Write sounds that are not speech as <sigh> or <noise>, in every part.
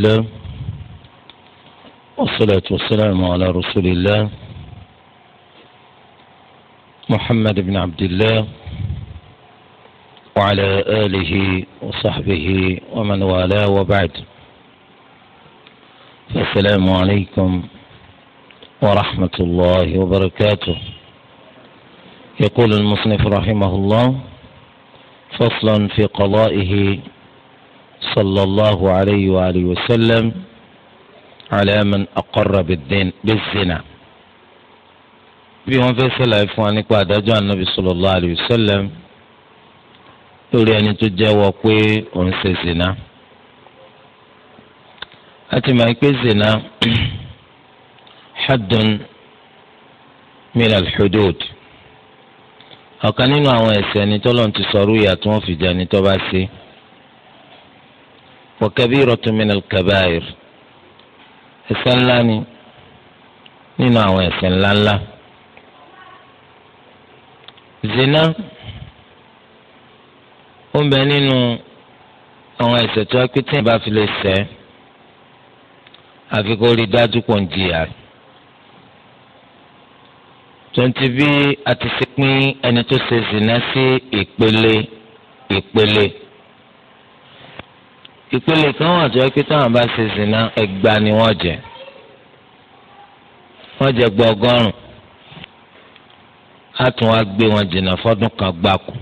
الله والصلاة والسلام على رسول الله محمد بن عبد الله وعلى آله وصحبه ومن والاه وبعد فالسلام عليكم ورحمة الله وبركاته يقول المصنف رحمه الله فصلا في قضائه صلى الله عليه وآله وسلم على من أقر بالزنا bí wọn fẹẹ ṣàlàyé fún wa nípa àdájọ́ anabi sallallahu alayhi wa sallam lórí ẹni tó jẹ́wọ́ pé òun ṣe zina láti máa pé zina <clears throat> haddun min al-hudud ọ̀kan nínú àwọn ẹ̀ṣẹ̀ ẹni tọ́lọ́run ti sọ̀rọ̀ ìyà tí wọ́n fi jẹ ẹni tó bá ṣe é. وكبيرة من الكبائر ẹ̀ṣẹ̀ ńlá ni nínú àwọn ẹ̀ṣẹ̀ ńlá ńlá zina ó ń bẹ nínú àwọn ẹ̀ṣẹ̀ tó ẹkú tí ìbá fi lè ṣẹ̀ àfi kó rí dájú kò ń jìyà tonti bí a ti ṣe pín ẹni tó ṣe zina sí ìpele ìpele. ìpele kan wà tó yẹ pé táwọn bá ṣe zina ẹgbà ni wọ́n jẹ wọ́n jẹ gba tún wá gbé wọn jìnnà fọ́dún kan gbáko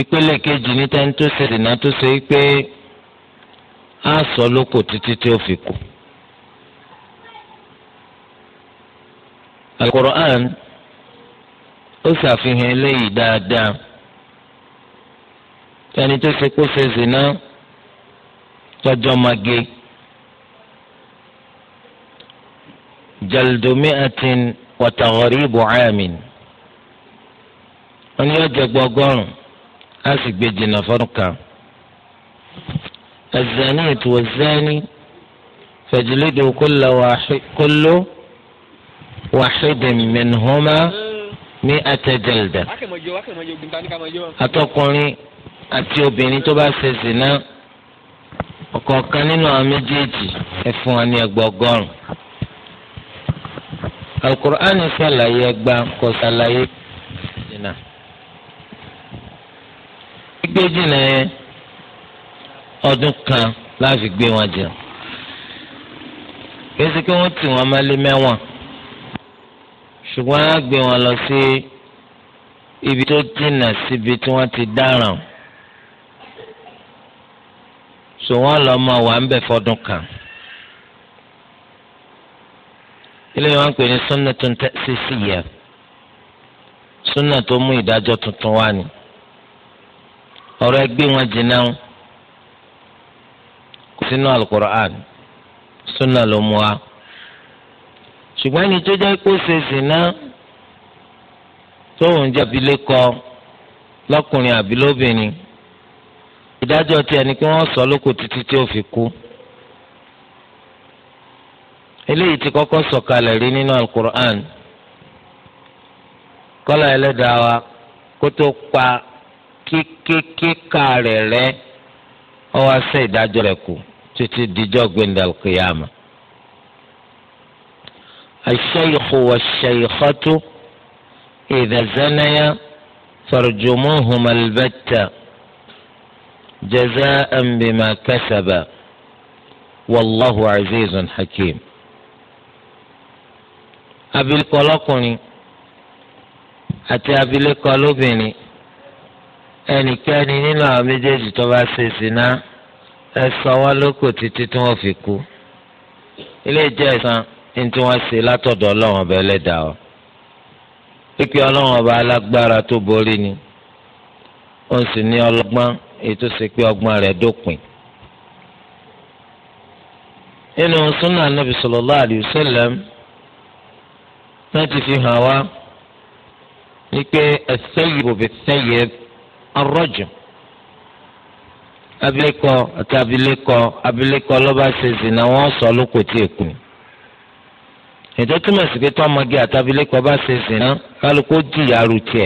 ìpele kejì ní tẹ́ni tó ṣe zina tó ṣe pé á sọ lóko títí tí ó fi fẹ́ni tó ṣe kó ṣe zina tọjọ́ mage jaldomi atin wàtàwọ̀rí ibò àmìn wọn yóò jẹ gbọgọrùn á sì gbé jìnnà fọdún azani ètò azani fẹjìlédè kóló wàhídìn mẹnuhọmá ní àtẹjẹlẹdẹ àtọkùnrin àti obìnrin tó bá ṣe zina ọ̀kọ̀ọ̀kan nínú àwọn méjèèjì ẹ fún wa ní ẹgbọ̀gọ́rùn. alukur'ani ṣàlàyé ẹgba kò ṣàlàyé jìnnà. gbígbé jìnnà yẹn ọdún kan láàfin gbé wọn jẹ kí ẹ sì kí wọ́n tì wọ́n máa mẹ́wọ̀n ṣùgbọ́n á gbé wọn lọ sí ibi tó jìnnà síbi tí wọ́n ti dáràn so wọn lọ mọ wà ń bẹ fọdún kan ilé wọn pè ní súnà tó ń tẹ́sí sí yẹ súnà tó mú tuntun wá wọn jìnnà sínú alukur'an súnà ló mú wa ṣùgbọ́n ẹni tó jẹ́ kó ṣe zìnnà tóun jẹ́ abilékọ ìdájọ́ tiẹ̀ ni kí wọ́n sọ lóko títí tí ó fi kú eléyìí ti kọ́kọ́ sọ̀kalẹ̀ rí nínú alukur'an kọ́lá ẹlẹ́dàá wa kó tó pa kíkíkíkà rẹ̀ rẹ́ ọ wá ṣe ìdájọ́ rẹ̀ kù títí dijọ́ gbẹ̀ndàl kìyàmà. الشيخ والشيخة إذا زنيا فارجموهما البتة جزاء بما كسب والله عزيز حكيم abilékọ lọ́kùnrin àti abilékọ lóbìnrin ẹnikẹ́ni nínú àwọn méjèèjì tó bá ṣe ṣìnà ẹ sọ wọ́n lókò títí tí wọ́n fi kú ilé ìjẹ́ ẹ̀san ní tí wọ́n ṣe látọ̀dọ̀ Ọlọ́run ọba Ẹlẹ́dàá ọ pípẹ́ Ọlọ́run ọba alágbára tó borí ni ó sì ní ọlọ́gbọ́n. èyí tó ṣe pé ọgbọ́n rẹ̀ dópin. nínú súnà anábì sallallahu alayhi wa náà ti fi hàn wá ní pé as-sayyibu bis-sayyib ar abilékọ àti abilékọ abilékọ lọ́ba ṣe zina wọ́n sọ lóko tí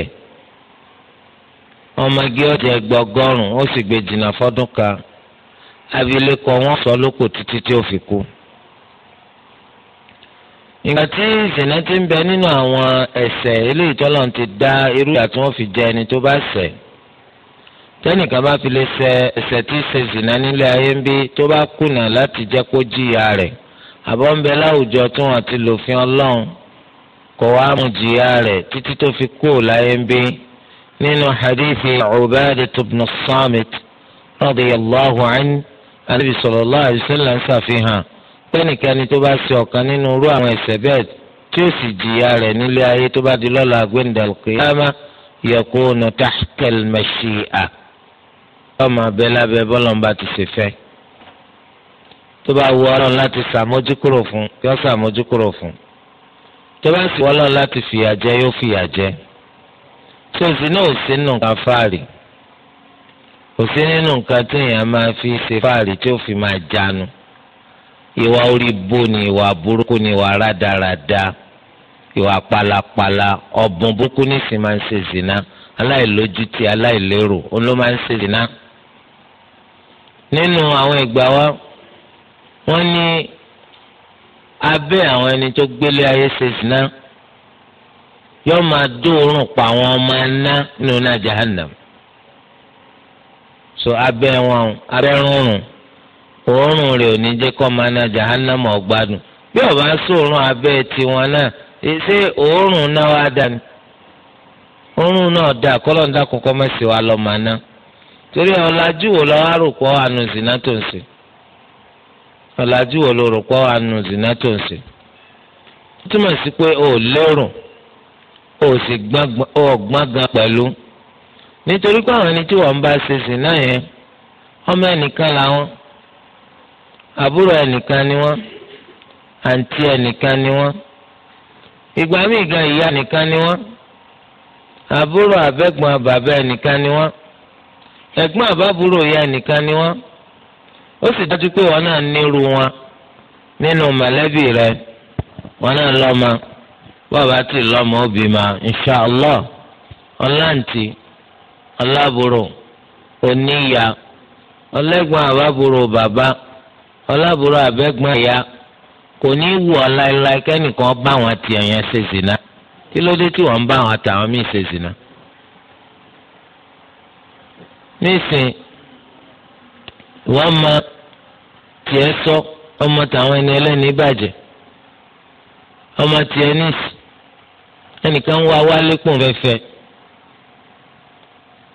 ọmọge ọjà ẹgbọgọrùn ó sì gbé jìnnà fọdún kan abilékọ wọn sọ lóko títí tí ó fi kú. ìgbà tí ìṣẹ̀lẹ̀ ti ń bẹ nínú àwọn ẹ̀ṣẹ̀ eléyìí tọ́lọ̀ ti dá irú ìyà tí wọ́n fi jẹ ẹni tó bá ṣẹ̀ tẹ́nìkan bá fi lè ṣẹ̀ ẹ̀ṣẹ̀ tí ṣe zìnà nílé ayé ń bí tó bá kùnà láti jẹ́ kó jìyà rẹ̀ àbọ̀ ń bẹ láwùjọ tí wọ́n ti lòfin ọlọ́run kò wá mú jìyà rẹ̀ títí tó fi kú láyé ń bí nínú hadithi Ubadah ibn Samit radiyallahu anhu anabi sallallahu alaihi wasallam ṣàfihàn pẹ́nìkẹ́ni tó bá ṣe ọ̀kan nínú irú àwọn ẹ̀ṣẹ̀ bẹ́ẹ̀ tí ó sì jìyà rẹ̀ nílé ayé tó bá di lọ́la gbẹ̀ndàlùkìyàmá yakunu tahta al-mashi'a ọmọ abẹ lábẹ́ bọ́lọ̀mbà ti ṣe fẹ́ tó bá wù Ọlọ́run láti ṣàmójúkúrò fún yọ ṣàmójúkúrò fún tó bá sì wù Ọlọ́run láti fìyà jẹ yóò fìyà jẹ tó sì náà ò sí nù nǹkan fáàrí kò sí nínú nǹkan tí èèyàn máa fi ṣe fáàrí tí fi máa jánu ìwà orí bó ni ìwà burúkú ni ìwà rádaràda ìwà pálapàla ọ̀bùn burúkú nísìn máa ń ṣe zina aláìlójútì aláìlérò òun ló máa ń ṣe zina. nínú àwọn ìgbà wa wọ́n ní abẹ́ àwọn ẹni tó gbélé ayé ṣe zina. yóò máa dóorùn pa ọmọ ẹná nínú náà jahannam so abẹ wọn abẹ òórùn rẹ̀ ò ní jẹ́ kọ máa náà jahannam ọgbádùn bí ọba sòórùn abẹ tiwọn náà òórùn náà wá dání òórùn náà dà kọlọ̀ wa lọ máa ná torí wo àánú tó ń sè wo àánú tó ń sè túmọ̀ sí pé o sì gbọ́n gan pẹ̀lú nítorí pé àwọn ẹni tí wọ́n bá ṣe sìn náà yẹn ọmọ ẹnìkan làwọn àbúrò ẹnìkan ni wọ́n àǹtí ẹnìkan ni wọ́n ìgbà míì gan ìyá ẹnìkan ni wọ́n àbúrò abẹ́gbọ́n bàbá ẹnìkan ni wọ́n ẹ̀gbọ́n àbábúrò ìyá ẹnìkan ni wọ́n ó sì dájú pé wọn náà nírú wọn nínú mọ̀lẹ́bí rẹ wọn náà lọ́mọ. bọ́ọ̀ bá ti lọ́mọ òbí ma inṣàlọ́ ọ̀làǹtì ọ̀làbúrò oníyà ọlẹ́gbọ̀n àbábùrù bàbá ọlàbúrò àbẹ́gbọ̀n ìyá kò ní í wù ọ́ láéláé kẹ́nìkan bá wọn tiẹ̀ yẹn ṣe zina kí ló dé tí wọ́n ń bá wọn tàwọn míì ṣe zina. nísìn wọ́n máa tiẹ̀ sọ ọmọ tàwọn ẹni ẹlẹ́ni bàjẹ́ ọmọ tiẹ̀ nísìn ẹnìkan ń wá wá lẹ́kùn fẹ́fẹ́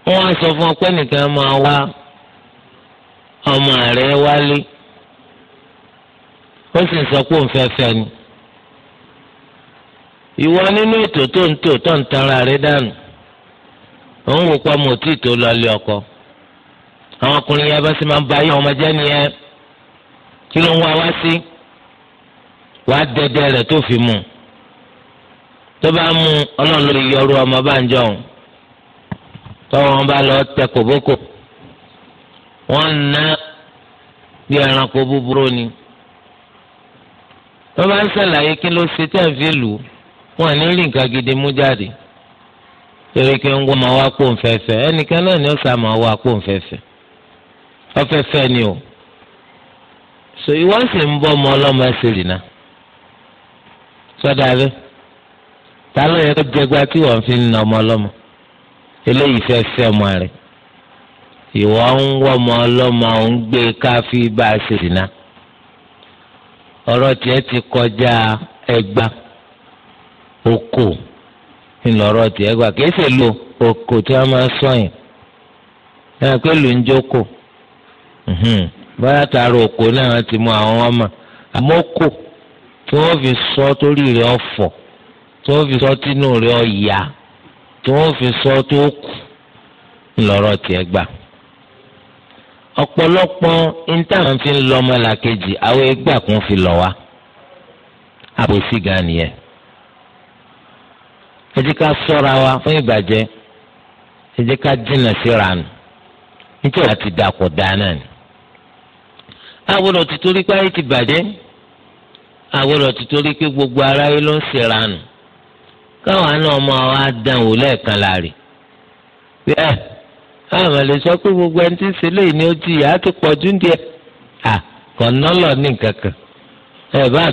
wọ́n á sọ fún ọ pé ẹnìkan máa wá ọmọ rẹ̀ wálé ó sì ń sọ pé òun fẹ́fẹ́ ni ìwọ nínú ètò tó ń tò tó ń tara rẹ̀ dànù òun wò pa mọ̀ tí tó lọ lé ọkọ àwọn ọkùnrin yẹn bá sì máa ń ba ayé ọmọdé nìyẹn kí ló ń wá wá sí wàá dẹdẹ rẹ̀ tó fi mú un. tó bá mú ọlọ́run yọrù ọmọ báńjọ ọ̀hún tọ́wọ́ bá lọ tẹ kòbókò wọ́n ná bí ẹranko búburú ni ọ ń ṣàlàyé kí ló ṣe tẹ̀ fi lù wọ́n ní rí nǹkan gidi mú jáde torí kí ń wọ́n máa wá pò ni ó máa wá pò ọ̀fẹ́fẹ́ ni o so ìwọ́n sì ń bọ́ ọmọ ọlọ́mọ ẹsẹ̀ rìnnà sọ́dọ̀ ta ló yẹ kó jẹgba tí wọn fi ń na ọmọ ọlọmọ eléyìí fẹ́ ọmọ rẹ̀ ìwọ ń wọ ọmọ ọlọ́mọ ń gbé káfí bá a ṣe sì ná ti kọjá ẹgba oko ńlọrọ tiẹ̀ gba kìí ṣe lo oko tí máa ti mú àwọn ọmọ àmọ́ tí wọ́n fi sọ tínú rẹ̀ ọ̀yà tí wọ́n fi sọ tó kù ńlọrọ̀ tiẹ̀ gbà. ọ̀pọ̀lọpọ̀ intanet fi ń lọ ọmọlàkejì àwọn ẹgbà kún fi lọ wá àbòsí gan nìyẹn. ẹ jẹ́ ká sọ́ra wa fún ìbàjẹ́ ẹ jẹ́ ká jìnnà síra nù nítorí àti dàpọ̀ dáná ni. àwòrán ti torí pé ayé ti bàjẹ́ àwòrán ti torí pé gbogbo aráyé ló ń ṣèrànù káwọn àna ọmọ wa dán wò lẹ́ẹ̀kan láàrin bí ẹ lè sọ pé gbogbo ẹni tí ń ṣe ni ó ti yà á ti díẹ̀ à lọ ní ẹ lọ. a gbà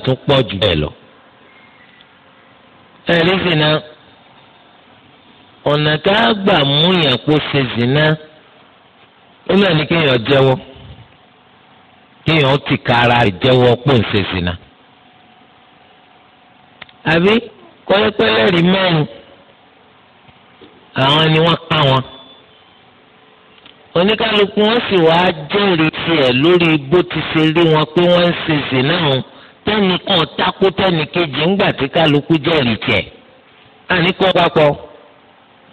kéèyàn jẹ́wọ́ kéèyàn ti ka ara rẹ̀ jẹ́wọ́ pò ń ṣe àbí kọ́lẹ́pẹ́lẹ́ rí mẹ́rin àwọn ni wọ́n pa wọn. oníkálukú wọn sì wáá jẹ́rìí tiẹ̀ lórí bó ti ṣe rí wọn pé wọ́n ń ṣe zina wọn tẹ́nìkan takú tẹ́nìkejì ńgbà tí kálukú jẹ́rìí tiẹ̀. àní kọ́ papọ̀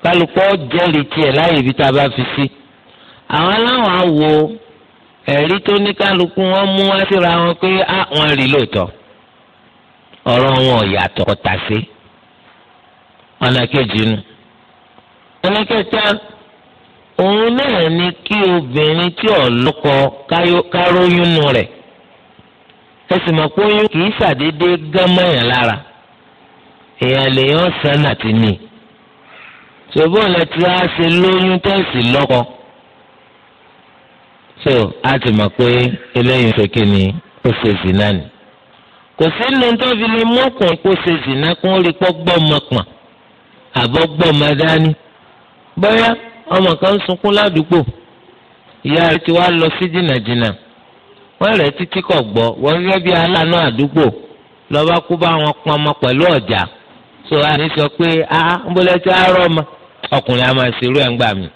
kálukú jẹ́rìí tiẹ̀ láyé ibi tá a bá fi sí. àwọn aláwọ̀ á ẹ̀rí tó ní wọn mú wá síra wọn pé àwọn ah, rí lóòótọ́ ọ̀rọ̀ wọn ò yàtọ̀ kọ́ta sí i ọ̀nà kejì nu. ọ̀nà kẹta òun náà ni kí obìnrin tí ò lọ́kọ káróyún nu rẹ̀ ẹ sì mọ̀ pé oyún kì í ṣàdédé gán mọ́yàn lára èèyàn lèèyàn sàn àti nì. ṣùgbọ́n ẹ ti wá ṣe lóyún tẹ̀sí lọ́kọ. so a ti mọ̀ pé eléyìí ṣe kí ni ó ṣe zì náà ni. kò sínú tó fi lè mọ́kùnrin kó ṣe zì náà kó rí pọ́ gbọ́ ọmọkùnrin. àbọ̀gbọ̀ máa dání bóyá ọmọ kan ń sunkún ládùúgbò ìyá rẹ̀ ti lọ sí jìnnàjìnnà wọ́n rẹ̀ títí kọ̀ gbọ́ wọ́n gẹ́gẹ́ bí aláàánú àdúgbò bá kú bá wọn pọn ọmọ pẹ̀lú ọ̀jà sọ pé a ń tí a ọmọ ọkùnrin a máa ṣerú ẹ̀ ń gbà mí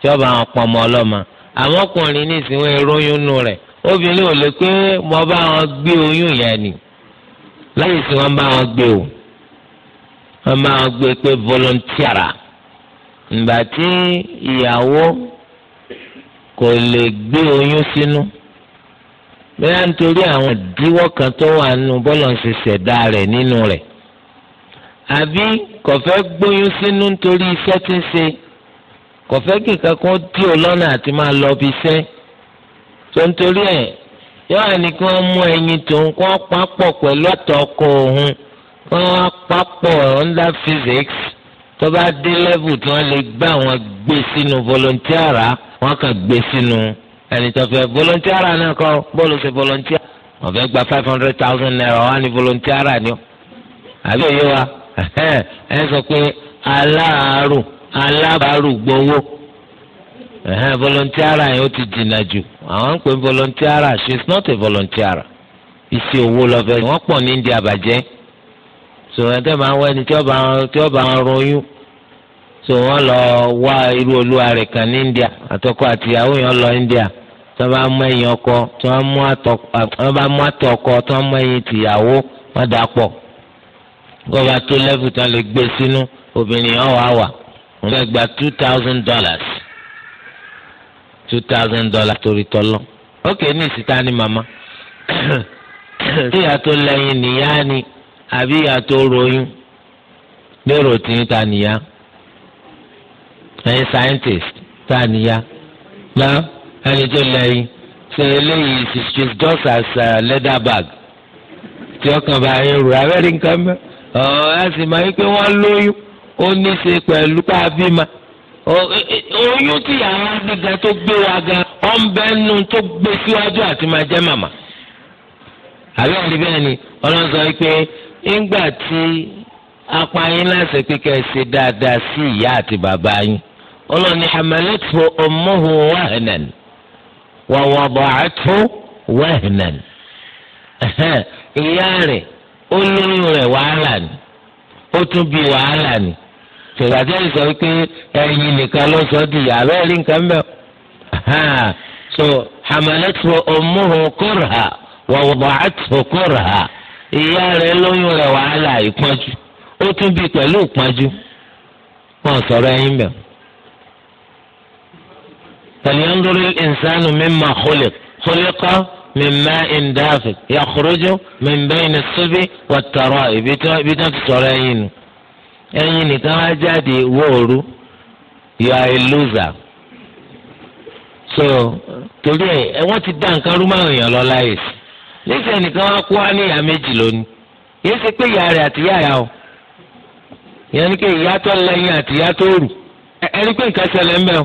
tí ọba wọn pọn ọmọ àwọn ọkùnrin ní ni láyé sí wọn bá wọ́n máa gbé pé volontiara ìgbà tí ìyàwó kò lè gbé oyún sínú bẹ́ẹ̀ nítorí àwọn ìdíwọ́ kan tó wà nínú bọ́lọ̀ ṣe ṣẹ̀dá rẹ̀ nínú rẹ̀ àbí kò fẹ́ gbóyún sínú nítorí iṣẹ́ tí ń ṣe kò fẹ́ kí kankan dí o lọ́nà àti máa lọ bí iṣẹ́ tó nítorí ẹ̀ yóò wà ní kí wọ́n mú ẹyin tòun kó pápọ̀ pẹ̀lú àtọkọ òun wọ́n papọ̀ under physics tó bá dé level tí wọ́n lè gbé àwọn gbé sínú volunteer wọ́n kàn gbé sínú ẹni tó fẹ́ volunteer náà kọ́ bọ́ọ̀lù ṣe volunteer wọ́n fẹ́ gba five hundred thousand naira wọ́n á ní volunteer ni ó àbí òye wa ẹ sọ pé aláàárù alábàárù gbowó volunteer yẹn ó ti dìnnà jù àwọn ń pè volunteer she is not a volunteer iṣẹ́ owó lọ́fẹ́ wọ́n pọ̀ ní India bàjẹ́. so ẹtẹ máa ń wọ ẹni tí ọba ń ronú so wọn lọ wá irú olúwa rẹ̀ kan ní India àtọkọ àtìyàwó yẹn lọ India tí wọn bá mú ẹyin ọkọ tí wọn bá mú àtọ ọkọ tí wọn mú ẹyin tìyàwó wọn dà tó lẹfù tí wọn lè gbé sínú obìnrin yẹn wà two thousand dollars two thousand dollars torí tọlọ ní ìsìta ni màmá <coughs> tíyà tó nìyá ni. àbí ìyá tó ròyìn lérò tí ń ta nìyá ẹ̀yin scientist ta nìyá ná ẹni tó lẹ́yìn ṣe eléyìí she is just as a uh, leather bag tí ọkàn bá yẹn rò abẹ́rẹ́ nǹkan mẹ́ ọ̀ ẹ́ sì máa ń pé wọ́n lóyún ó ní í ṣe pẹ̀lú ká bímọ oyún tí àwọn agbègbè tó gbé wa gan ọ̀nbẹ́nu tó gbé síwájú àti máa jẹ́ màmá àbí ẹ̀rí bẹ́ẹ̀ ni ọlọ́sọ pé ńgbà tí apá yín láṣẹ pé kẹ́ ṣe dáadáa sí ìyá àti bàbá yín ọlọ́ni wa wada'athu ìyá rẹ̀ o rẹ̀ wàhálà ni ó tún bí wàhálà ni tẹ̀gbàjẹ́ ìsọ wípé ẹ̀yin nìkan ló sọ di so hamalathu ummuhu kurha wa wada'athu korha. ìyá rẹ̀ lóyún rẹ̀ wàhálà ìpọ́njú ó tún bí pẹ̀lú ìpọ́njú wọn sọ̀rọ̀ ẹyin bẹ̀. فلينظر الإنسان مما خلق خلق من ماء دافق يخرج من بين الصبي والترائب بتفسر أين أين تواجد وورو يا اللوزر so torí ẹ wọ́n ti dá nǹkan rú márùn yàn lọ láyè sí níṣẹ́ nìkan wá kó wá ní ìyá méjì lónìí yìí ṣe pé ìyá rẹ̀ àti ìyá yà o ìyẹn ni pé ìyá tó lẹ́yìn àti ìyá tó rù ẹni pé nǹkan ṣẹlẹ̀ ń bẹ̀ o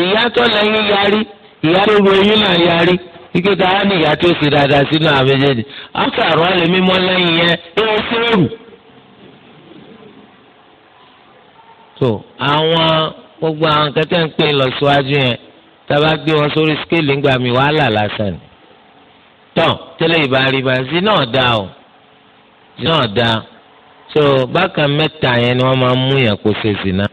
ìyá lẹ́yìn yarí ìyá tó rù náà yarí ike dára ní ìyá tó ṣe dáadáa sínú àbẹ̀jẹ̀dì àtàrọ̀ alẹ́ mímọ́ lẹ́yìn yẹn ẹ̀ ń sẹ́rù. so àwọn gbogbo àwọn kẹtẹ́ ń pè lọ síwájú yẹn tá a bá gbé wọn sórí skéèlì ńgbà wàhálà lásán ni tọ tẹ́lẹ̀ ìbá rí bá zina ọ̀dà o so bákan mẹta yẹn ni wọ́n máa mú yẹn kó ṣe zina.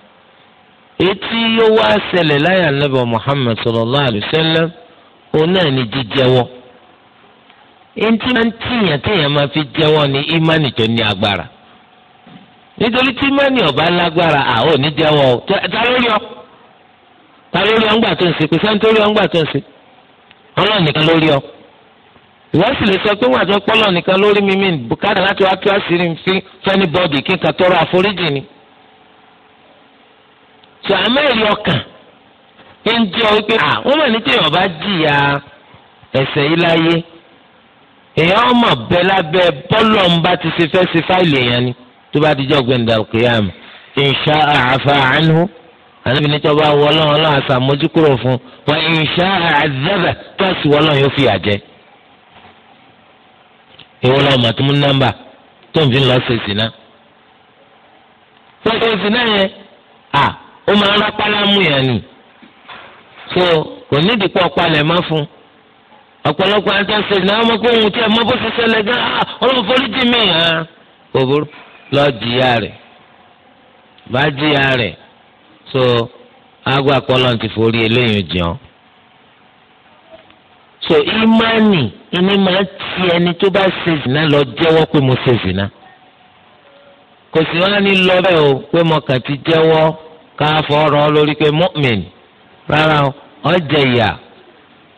etí ló wá ṣẹlẹ̀ láyà Muhammad sallallahu alaihi òun náà ni jíjẹ́wọ́ eŋti máa ń tìyàn máa fi ni tó ní agbára nítorí tí ìmánì ọ̀bá lágbára àwọn ò ní jẹ́wọ́ ta lórí ọ ta lórí ọ tó ń ọ tó ń wọ́n sì lè sọ pé wọ́n àti ọpọlọ nìkan lórí mímí bùkátà láti wá tú àṣírí fi fẹ́ni bọ́ọ̀dì kí n kà tọrọ àforíjì ni. sọ àmẹ́rì ọkàn ń jẹ́ ọ pé wọ́n mọ̀ ní tí èèyàn bá jìyà ẹ̀ṣẹ̀ yìí láyé èèyàn ọmọ bẹ lábẹ́ bọ́ọ̀lù ọ̀nba ti ṣe fẹ́ ṣe fáìlì èèyàn ni tó bá dijọ́ gbẹ̀ndà kìyàmù ìṣá àfa àánú àníbi ní tọ́ba wọlọ́ọ̀lọ́ ìwọ lọ mọ̀ tó mú nọ́mbà tó ń fi lọ ṣe zina. wọ́n ṣe yẹn à ó máa ń rápálá mú yẹn ni so kò nídìí pọ̀ palẹ̀ má fún ọ̀pọ̀lọpọ̀ àjọ ṣe zina ọmọ pé òun tí ẹ mọ bó ṣe ṣẹlẹ̀ gan ọlọ́run forí jì mí hàn òbúrú lọ́ọ́ jìyà rẹ̀ bá jìyà rẹ̀ so àgbà pọ́lọ́n ti forí eléyìí jẹun so imani ìní máa ti ẹni tó bá ṣe zina lọ jẹ́wọ́ pé mo ṣe zina kò sì wá ní lọ bẹ́ẹ̀ o pé mo kàn ti jẹ́wọ́ ká fọ̀rọ̀ lórí pé mọ́mìn rárá o ọjà ìyà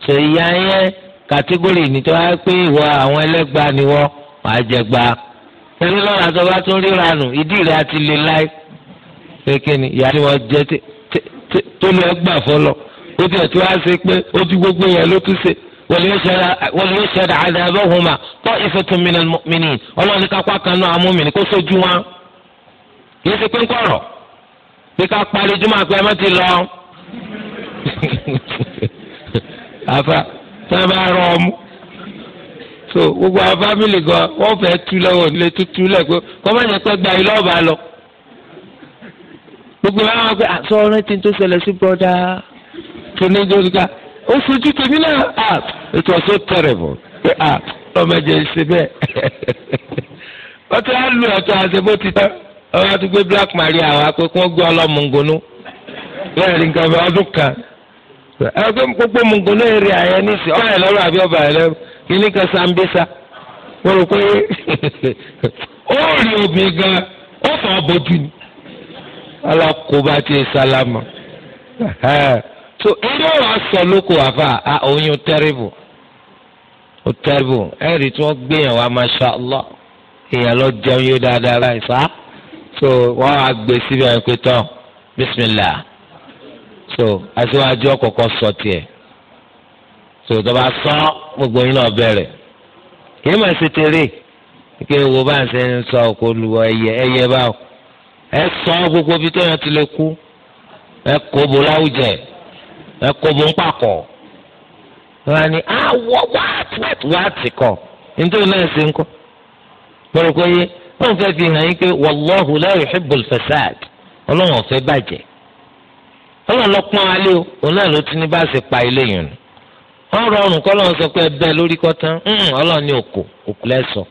so ìyà yẹn kàtígórì ní tó wáá pé ìwọ àwọn ẹlẹ́gbàá ni wọ́n wàá jẹ gba torí lọ́la tó bá tún ríra nù ìdí rẹ̀ àti lè láì kékeré ni ìyá ni wọ́n jẹ tó lọ gbà fọlọ́ ó ti ẹ̀ tó wá ṣe pé ó ti gbogbo yẹn ló tún ṣe. وليشهد عذابهما طائفة من المؤمنين ọlọ́run ní kápá kan náà amúmìnì kó sójú wọn kì í ṣe pé ń kọ̀rọ̀ bí ká parí jùmọ̀ àpẹ ẹ̀mọ́ ti lọ. àfa tí wọ́n bá rọ ọmú so gbogbo àwọn fámìlì gan wọ́n fẹ́ tú lọ́wọ́ nílé tútú lẹ́gbẹ́ kọ́ bá yẹ pé gba ilé ọba lọ. gbogbo àwọn àgbẹ̀ àti ọ̀rẹ́ tí ń tó ṣẹlẹ̀ sí bọ́dà tó ní ìjọba. ó sojú tèmi náà ah it was so terrible pé ah lọ́mọdé ṣe bẹ́ẹ̀ wọ́n <laughs> ti á lu ọ̀tọ̀ ti tán gbé Black Maria gbé ọlọ́mùngúnú nǹkan fẹ́ ọdún kan ẹgbẹ́ gbogbo mùngúnú èrè àyẹ àbí ọba kan sambisa <laughs> so eré wa sọ lóko àfa a oyún tẹrìbù ó tẹrìbù ẹrì tí wọn gbéyàn wa masha allah èèyàn lọ jẹun yóò dáadáa láì sá so wọn á gbé síbẹ̀ ẹ̀ pé tán bismillah so aṣíwájú ọ̀kọ̀ọ̀kan sọ tiẹ̀ so tọba sọ gbogbo yín náà bẹ̀rẹ̀ kì í mà ṣe tèrè kí ewu bá ń ṣe ń sọ kó lu ẹyẹ ẹyẹ báwo ẹ sọ gbogbo bí tẹ́yàn ti lè kú ẹ kó bo láwùjẹ ẹ kó bó ń pàkọ́ wọn ni àwọ̀ ah, wáàtì wáàtì wáàtì kọ̀ nítorí náà ṣe ń kọ́ mo rò wọ́n fẹ́ fi hàn yín pé wàlọ́hù la yuhibbul fasad ọlọ́run ọ̀fẹ́ bàjẹ́ ọlọ́run lọ pọ́n alẹ́ o òun náà ló ti ní bá ṣe pa ilé yìí nù wọ́n rọrùn kọ́ lọ́run sọ pé ẹ bẹ́ẹ̀ lórí kọ́ tán mm, ọlọ́run ní òkò òkú lẹ́sọ̀ọ́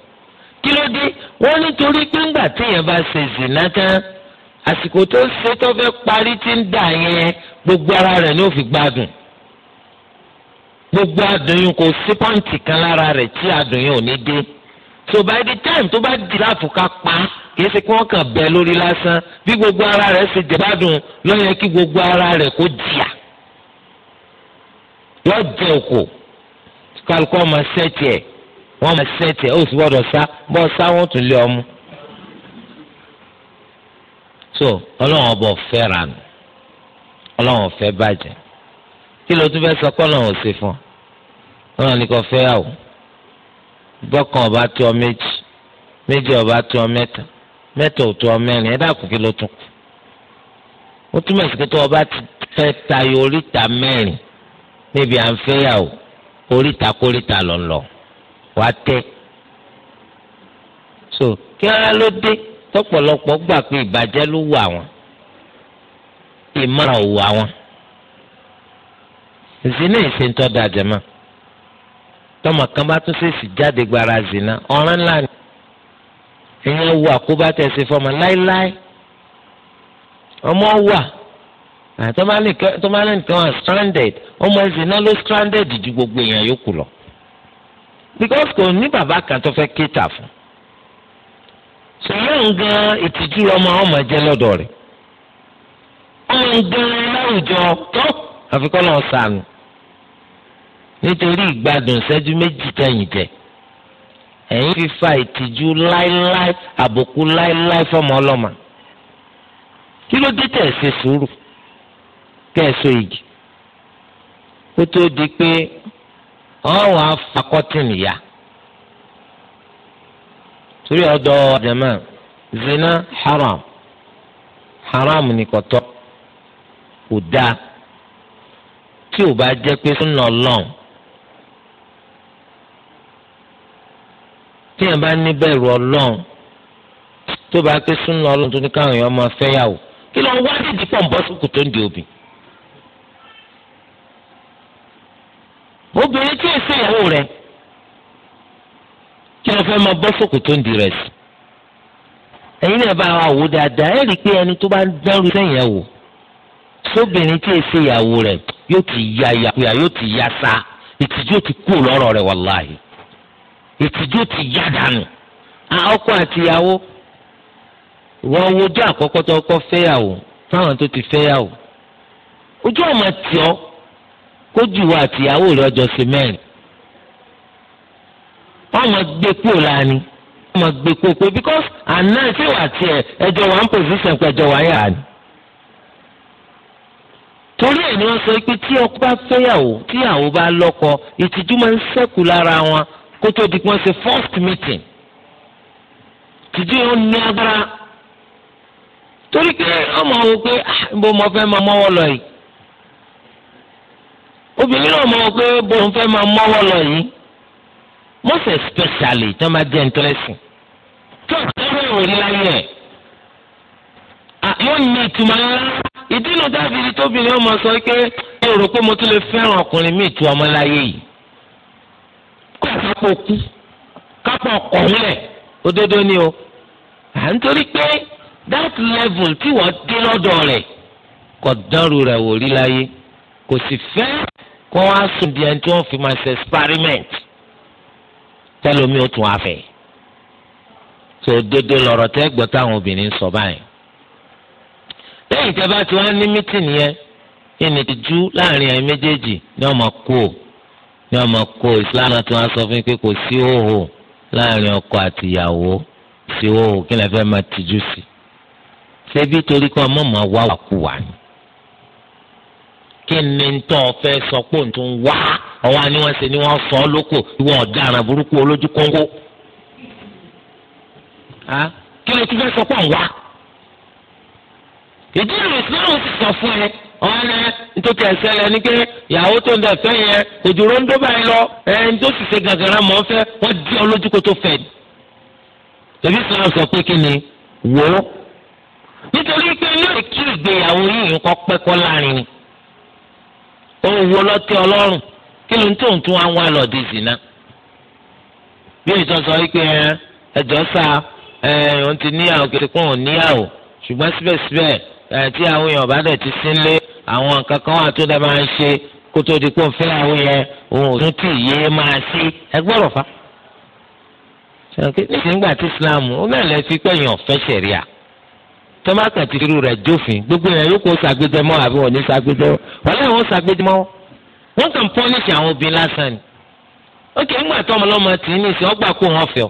kí ló dé wọ́n nítorí pé ńgbà téèyàn bá ṣe zìnà tán àsìkò tó ṣe tó fẹ́ parí ti ń dà yẹn gbogbo ara rẹ̀ ni ó fi gbádùn gbogbo adùn yìí kò sí pọ́ǹtì kan lára rẹ̀ tí adùn yìí ò ní dé so by the time tó bá di láàfù ká pa kìí ṣe kí wọ́n kàn bẹ́ lórí lásán bí gbogbo ara rẹ̀ ṣe jẹ̀bádùn ló yẹ kí gbogbo ara rẹ̀ kó jìyà yọ jẹ òkò kálukọ́ ọmọ sẹ́ẹ̀tì ẹ̀ wọ́n ọmọ sẹ́ẹ̀tì ẹ̀ ó sì gbọ́dọ̀ sá bọ́ sá wọ́n tún lé ọmú so ọlọ́run ọbọ̀ fẹ́ràn ọlọ́run fẹ́ bàjẹ́ kí ló tún fẹ́ sọ pé ọlọ́run ò ṣe fún ọ ọlọ́run ní kò fẹ́ yà wò gbọ́kàn ọba tó ọ méjì méjì ọba tó ọ mẹ́ta mẹ́ta ò tó ọ mẹ́rin ẹ dákun kí ló tún kù ó túmọ̀ sí pé tó ọba ti fẹ́ tayọ oríta mẹ́rin níbi à ń fẹ́ yà oríta kóríta lọ́nlọ́ wàá tẹ́ so kí wọ́n á ló dé tọ́pọ̀lọpọ̀ gbà pé ìbàjẹ́ ló wù àwọn ìmọ̀ra òwò àwọn zina ìsèǹtọ́ da jẹ̀mọ́ tọmọ kan bá tún ṣèṣì jáde gbara zina ọ̀ràn ńlá ni ìyẹn wo àkóbá tẹ̀sí fọmọ láéláé ọmọ wà tó máa wà stranded ọmọ zina ló stranded ju gbogbo èèyàn yòókù lọ because kò ní bàbá kan tó fẹ́ kéta fún ṣùgbọ́n nǹkan ìtìjú ọmọ ọmọ jẹ́ lọ́dọ̀ rẹ̀ lè gan láwùjọ tó àfikọ́ lọ sànù nítorí ìgbádùn ìṣẹ́jú méjì tẹ̀yìn tẹ̀ ẹ̀yin fífa ìtìjú láéláé àbùkù láéláé fọmọ ọlọ́mà kí ló dé tẹ̀ ṣe sùúrù kẹ́ẹ̀sọ igi kó tó di pé ọ̀hún afakọ́tìn ìyá torí ọ̀dọ̀ ọ̀dẹ̀mọ̀ zina haram haram ni kò kò da tí ò bá jẹ́ pé súnà ọlọ́run tíyẹn bá níbẹ̀rù ọlọ́run tó bá pé súnà ọlọ́run tó ní káwọn èèyàn máa fẹ́ yàwó kí ló ń wá ní ìdípọ̀ ń bọ́ sókù tó ń di obì. obìnrin tí èsì ìyàwó rẹ̀ kí ló fẹ́ máa bọ́ sókù tó ń di rẹ̀ sí. ẹ̀yin náà bá wa wò dáadáa ẹ̀ rí i pé ẹni tó bá dẹ́rù sẹ́yìn ẹ̀ wò. sóbìnrin tí èsì ìyàwó rẹ̀ yóò ti ya ìyàkuyà yóò ti ya sa ìtìjú ti kú lọ́rọ̀ rẹ̀ wàláhì ìtìjú ti ya dànù ọkọ àtìyàwó wọ́n wojú àkọ́kọ́ tó fẹ́yàwó táwọn tó ti ojú ọmọ kójú wa àtìyàwó ọmọ gbé kúrò ọmọ gbé kúrò pé àná wa ń pẹ̀jọ́ wa torí ẹ̀ ni sọ pé tí ọkọ bá fẹ́yàwó tíyàwó bá lọ́kọ ìtìjú máa ń ṣẹ́kù lára wọn kó tó di pé wọ́n ṣe first ní agbára torí pé ọmọ wo pé ah, bó mo fẹ́ máa mọ́wọ́ lọ yìí obìnrin náà mọ̀ pé bó mo fẹ́ máa mọ́wọ́ lọ yìí especially tí wọ́n jẹ́ interesting tí wọ́n ìdínú dábìrì tóbìnrin ọmọ sọ pé ẹ rò pé mo tún lè fẹ́ràn ọkùnrin míì tu ọmọ láyé yìí kó àkápò kú kápò ọkọ̀ ńlẹ̀ òdodo ni o à ń torí pé that level tí wọ́n dé lọ́dọ̀ rẹ̀ kò dánrù rẹ̀ wò rí láyé kò sì fẹ́ kó wá sùn di ẹni tí wọ́n fi máa ṣe experiment tẹ́lómi ó tún wá fẹ́ so òdodo lọ̀rọ̀ tẹ́ gbọ́ táwọn obìnrin sọ báyìí lẹ́yìn tí a bá ti wá ní mítìnì yẹn ìní ti jú láàrin ẹ̀yin méjèèjì ni wọ́n máa kó ni wọ́n máa kó islam tí wọ́n sọ fún yín pé kò sí òhò láàrin ọkọ àti ìyàwó sí òhò kí lè fẹ́ máa tìjú sí ṣebí torí kí wọ́n mọ̀ máa wá wàkúwà ni kí ni tó o fẹ́ sọ pé òun tó ń wá ọwọ́ ni wọ́n ṣe ni wọ́n sọ ọ́ lóko ìwọ̀n ọ̀daràn burúkú olójú kóńgó kí ló ti fẹ́ sọ pé òun wá. ìdílé ìsìláàmù ti sọ fún ẹ wọn nítorí ẹsẹ ní pé tó ń fẹ́ yẹn òjòrò ń dó báyìí lọ tó sì ṣe gàgàrà fẹ́ di sọ pé kí ni wò ó nítorí pé ìgbéyàwó yìí kọ́ pẹ́kọ́ láàrin ni. òun wo ọlọ́run kí ló ń tún sọ wípé ẹjọ́ sá ẹ̀ ti níyàwó kìtìkún tí àwọn èèyàn bá dẹ̀ ti sínlé àwọn nǹkan kan wà tó dẹ̀ máa ń ṣe kó tó di pé òfin àwọn yẹn òun ò tún tì yé máa sí ẹgbọ́rọ̀ fa. nígbà tí Islam ó náà lẹ́ sí pé èèyàn fẹ́ ṣẹ̀ríà tọ́mátà ti irú rẹ̀ jófin gbogbo èèyàn yóò kó ṣàgbéjẹ mọ́ àbí wọn ò ní ṣàgbéjẹ wọn lẹ́yìn wọn ṣàgbéjẹ mọ́ wọn kàn pọ́nìṣì àwọn obìnrin lásán ni. ó kì í gbà tọ́mọlọ́mọ tì í ní ìsìn ọgbà kó wọn fẹ́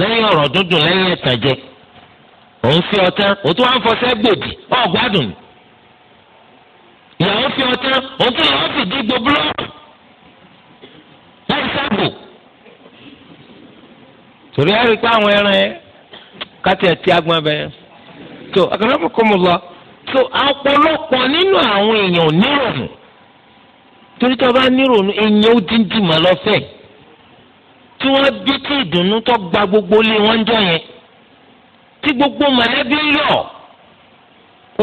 lẹ́yìn ọ̀rọ̀ dúndùn lẹ́yìn ẹ̀tàn jẹ́ òun fi ọtán òun tún wá ń fọṣẹ gbòdì ọgbádùn ìyàwó fi ọtán òun tún yàwó fi dìgbò búlọọkù láì sáàbò torí ẹ rí i pé àwọn ẹran ẹ káti ẹ ti agbọn bẹ tó àkàràmọ kọ mọ lọ tó ọ̀pọ̀lọpọ̀ nínú àwọn èèyàn nírònú torí tó bá nírònú èèyàn ó dín dì mọ lọfẹ tí wọ́n bí tí ìdùnnú tó gba gbogbo lé wọn jọ yẹn tí gbogbo mọ̀lẹ́bí ń yọ̀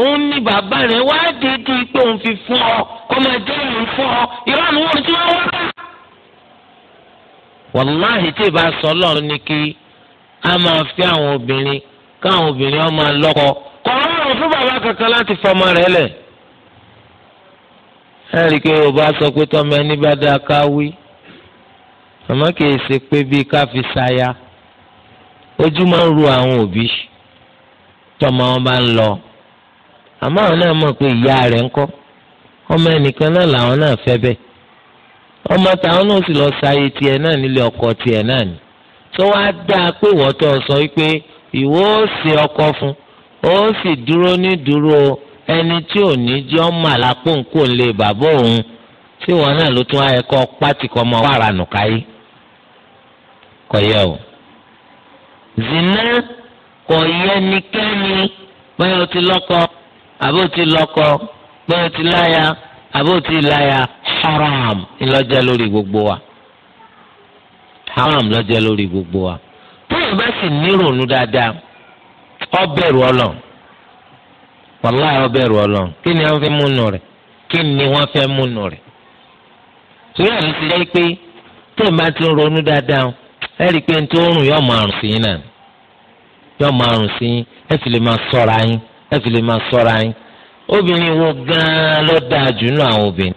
òun ni bàbá rẹ̀ wá dídí pé òun fi fún ọ kó máa jẹ́ òun fún ọ ìrọ̀ ni wọ́n ti wá wá bá. wàláhì tí ìbá sọ ọlọ́run ni kí a máa fi àwọn obìnrin káwọn obìnrin ọmọ lọ́kọ kọ́ ọ̀rọ̀ fún bàbá kankan láti fọmọ rẹ̀ lẹ̀ ẹ̀rí pé yorùbá sọ pé tọ́mọ ẹni bá dáa ká wí àmọ́ kì í ṣe pé bíi ká fi ṣaya ojú máa ń ru àwọn òbí tọmọ wọn bá ń lọ àmọ́ àwọn náà mọ̀ pé ìyá rẹ̀ ń kọ́ ọmọ ẹnìkan náà làwọn náà fẹ́ bẹ́ẹ̀ ọmọ táwọn náà sì lọ sáyé tiẹ̀ náà nílé ọkọ tiẹ̀ náà ni tó wá dáa pé wọ́n tó sọ wípé ìwọ ó ṣe ọkọ fún ó sì dúró ní dúró ẹni tí ò ní jẹ́ ọmọ àlápò ńkò lè bàbá òun tí wọn náà ló tún ayẹ kọ́ pátì kọ́ ọmọ wàrà nù káyé o. zina kò yẹ nikẹ́ni bóyá o ti lọ́kọ àbí o ti lọ́kọ bóyá o ti láya àbí o ti láya haram ńlọ́jẹ́ lórí gbogbo wa haram lọ́jẹ́ lórí gbogbo wa tóyìn bá sì nírònú dáadáa ó bẹ̀rù Ọlọ́run wàláhì ó bẹ̀rù Ọlọ́run kí ni wọ́n fẹ́ múnú rẹ̀ kí ni wọ́n fẹ́ múnú rẹ̀ torí àná ti jẹ́ pé tóyìn bá ti ń ronú dáadáa ẹ pé ní yóò máa rùn sí yín náà yóò máa rùn sí yín ẹ fi lè máa sọ́ra yín ẹ fi lè máa sọ́ra yín obìnrin wo gan-an ló dáa jù nínú àwọn obìnrin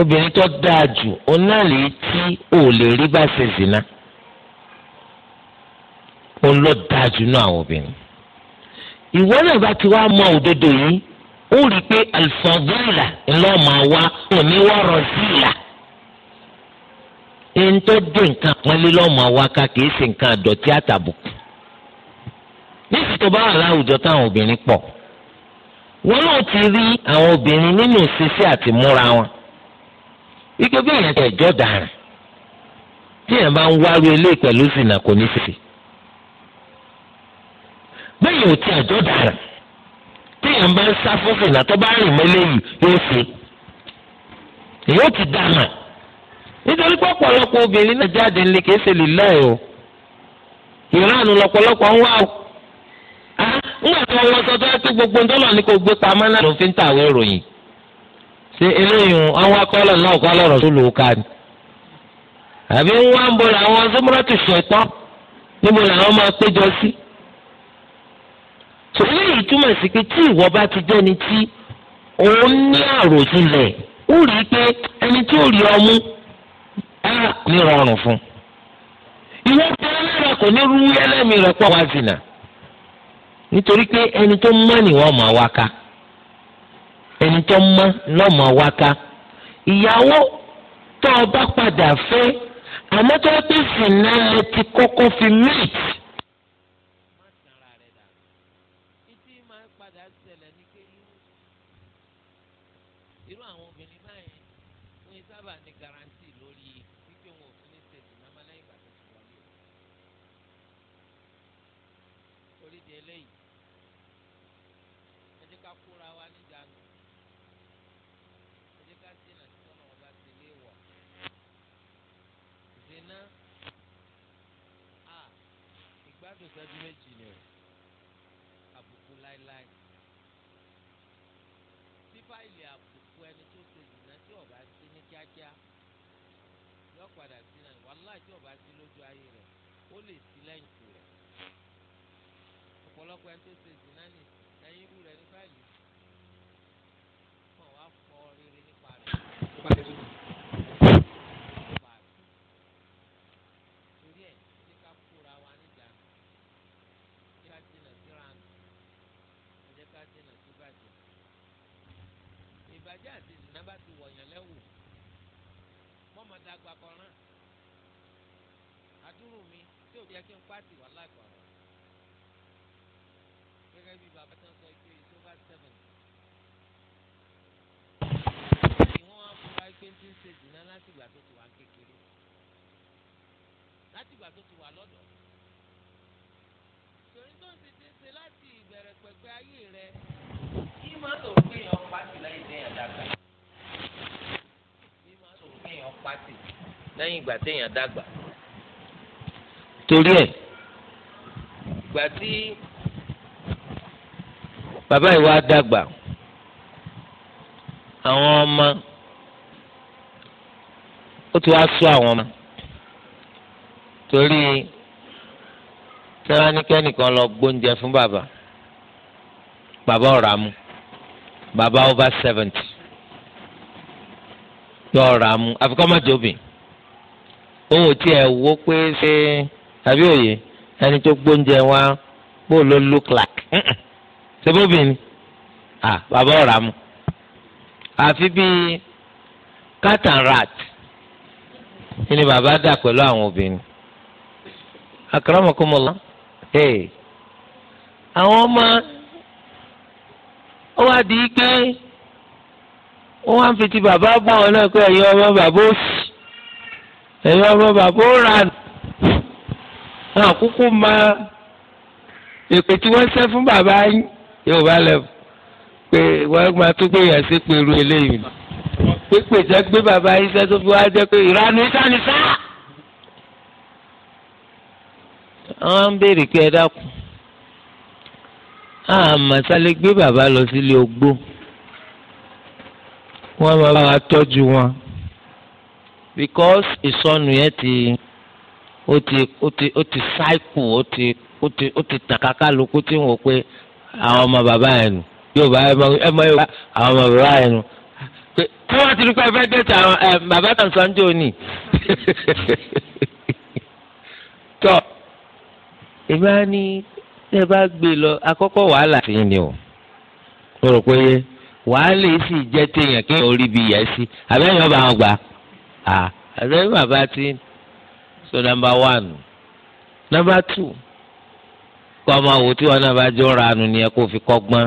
obìnrin tó dáa jù òun náà lè tí ò lè rí bá ṣe zina òun ló dáa jù nínú àwọn obìnrin ìwọ náà bá ti wá mọ òdodo yìí ó rí i pé alifọ̀dúnlà ńlọ́ọ̀ máa wá òní wọ́rọ̀ sí ìlà. ẹni tó dé nǹkan pọ́nlé lọ́mọ awaka kì í ṣe nǹkan àdọ̀tí àtàbùkù níṣì tó bá wà láwùjọ táwọn obìnrin pọ̀ Wọ́n náà ti rí àwọn obìnrin nínú ṣíṣe àti múra wọn ike bí èèyàn tẹ̀jọ́ dàrán tí èèyàn bá ń wárú ilé pẹ̀lú ìsìnà kò ní fèsì bẹ́ẹ̀ ò tí àjọ dàrán tí èèyàn bá ń sá fún ìsìnà tó bá rìn mọ́lẹ́yìn yóò ṣe èèyàn ti dàrán. nítorí pé ọ̀pọ̀lọpọ̀ obìnrin náà jáde ńlẹ̀ kìí ṣe o ìránù lọ́pọ̀lọpọ̀ ń wá o ńgbà tó wọ́n sọ tó yẹ kí gbogbo ńdọ́lọ̀ ni kò gbé pamọ́ náà ló fi ń tàwé ìròyìn ṣe eléyìí àwọn akọ́lọ̀ náà kọ́ lọ́rọ̀ tó lò ó ká ni àbí ń wá ń bọ̀ làwọn sọmúrọ́tì ṣẹ̀tọ́ níbo làwọn máa péjọ sí. sọ̀rọ̀ yìí túmọ̀ sí pé tí ìwọ bá ti jẹ́ni tí òun ní àròjinlẹ̀ ó rí i pé ẹni tí ò rí ọmú á ní rọrùn fún un ìwọ pẹ̀lú kò ní rú ẹlẹ́mìí rẹ pọ̀ wá zìnà nítorí pé ẹni tó mọ́ ni wọ́n máa wá ká ẹni tó mọ́ lọ́ọ́ máa wá ká ìyàwó tó o bá padà fẹ́ àmọ́ tó o pè sí náà ti kọ́kọ́ fi méjì. di eléyìí ẹ jẹ́ ká kóra wa níjànú ẹ jẹ́ ká dènà tí wọn náà bá ti lé wọ dènà a ìgbádùn sẹ́jú méjì ni o àbùkù láéláé tí fáìlì àbùkù ẹni tó ṣe dènà tí ọba ti ní kíákíá yọ padà sí náà wàhálà tí ọba ti lójú ayé rẹ ó lè sí lẹ́yìn kù rẹ̀ ọ̀pọ̀lọpọ̀ ẹni tó ṣe ìdùnnà ní ẹyin irú rẹ̀ ní báyìí wọn wá fọ rere nípa rẹ̀ nípa rẹ̀ lónìí. torí ẹ̀ ṣé ká kóra wa níjà ṣé ká jìnà sí ránù ẹ jẹ́ ká jìnà sí bàjẹ́. ìbàjẹ́ àti ìdùnnà bá ti wọ̀nyàn lẹ́wù mọ́mọ́dá gbàgbọ́ adúrú mi tí ò jẹ́ kí n pàtì wà láìpẹ́ ọ̀rọ̀ gẹ́gẹ́ bí bàbá tán sọ pé it's over seven. ìwọ́n wá fún wa pé tí ń ṣe jìnnà láti ìgbà tó ti wà kékeré láti ìgbà tó ti wà lọ́dọ̀. sòrí tó ń ṣe ti ń ṣe láti ìbẹ̀rẹ̀ pẹ̀pẹ̀ ayé rẹ̀. kí máa tó pé èèyàn pàtì lẹ́yìn téèyàn dàgbà. kí máa tó pé èèyàn pàtì lẹ́yìn ìgbà téèyàn dàgbà. torí ẹ̀ ìgbà tí bàbá yìí wá dàgbà àwọn ọmọ ó ti wá sọ àwọn ọmọ torí tẹ́wánikẹ́nìkan lọ gbóúnjẹ fún bàbá bàbá ọ̀rá mu bàbá over seventy yọ ọ̀rá mu àfikọ́ mọ́jọ́bìn òun ò tiẹ̀ wo pé ṣé tàbí òye ẹni tó gbóúnjẹ wá bó ló look like sebóbìnrin à bàbá ọ̀rà mu àfi bíi cat and rat ni bàbá dà pẹ̀lú àwọn obìnrin akramakumullah hey, àwọn ọmọ ó wá di pé ó wá ń fi ti bàbá bọ̀ ọ́ náà pé ẹ̀yin ọmọ bàbá ó sì ẹ̀yin ọmọ bàbá ó rà nù àkókò máa èpè tí wọ́n ṣẹ́ fún bàbá yín yóò bá lẹ pé wọ́n máa tún gbé yẹn sí pẹ̀lú eléyìí pípè jẹ́ gbé bàbá iṣẹ́ tó fi wá jẹ́ pé ìranu iṣẹ́ ni sá. wọ́n ń béèrè pé ẹ dákun àmọ́ sálẹ̀ gbé bàbá lọ sílé ogbó wọ́n máa bá wa tọ́jú wọn because ìsọnù yẹn ti ó ti ó ti ó ti cycle ó ti ó ti ó ti tàn kákálukú tí wọ́n pé àwọn ọmọ bàbá yẹn nù yóò bá ẹ mọ yóò bá àwọn ọmọ bàbá yẹn nù pé kí wọ́n ti rí pé ẹfẹ́ dẹ́tà àwọn ẹ bàbá kan sanjó ni. <laughs> tọ́ èmi ni, ní tẹ́ bá gbé e lọ àkọ́kọ́ wàhálà sí ni o mo rò pé wàhálà yìí sì jẹ́ téèyàn kí orí bi yẹ sí àbẹ́yìn ọba àwọn gbà àtẹ́yìn bàbá ti so number one number two kọ́ ọmọ wò tí wọn náà bá jọ ra nu nìyẹn kó fi kọ́gbọ́n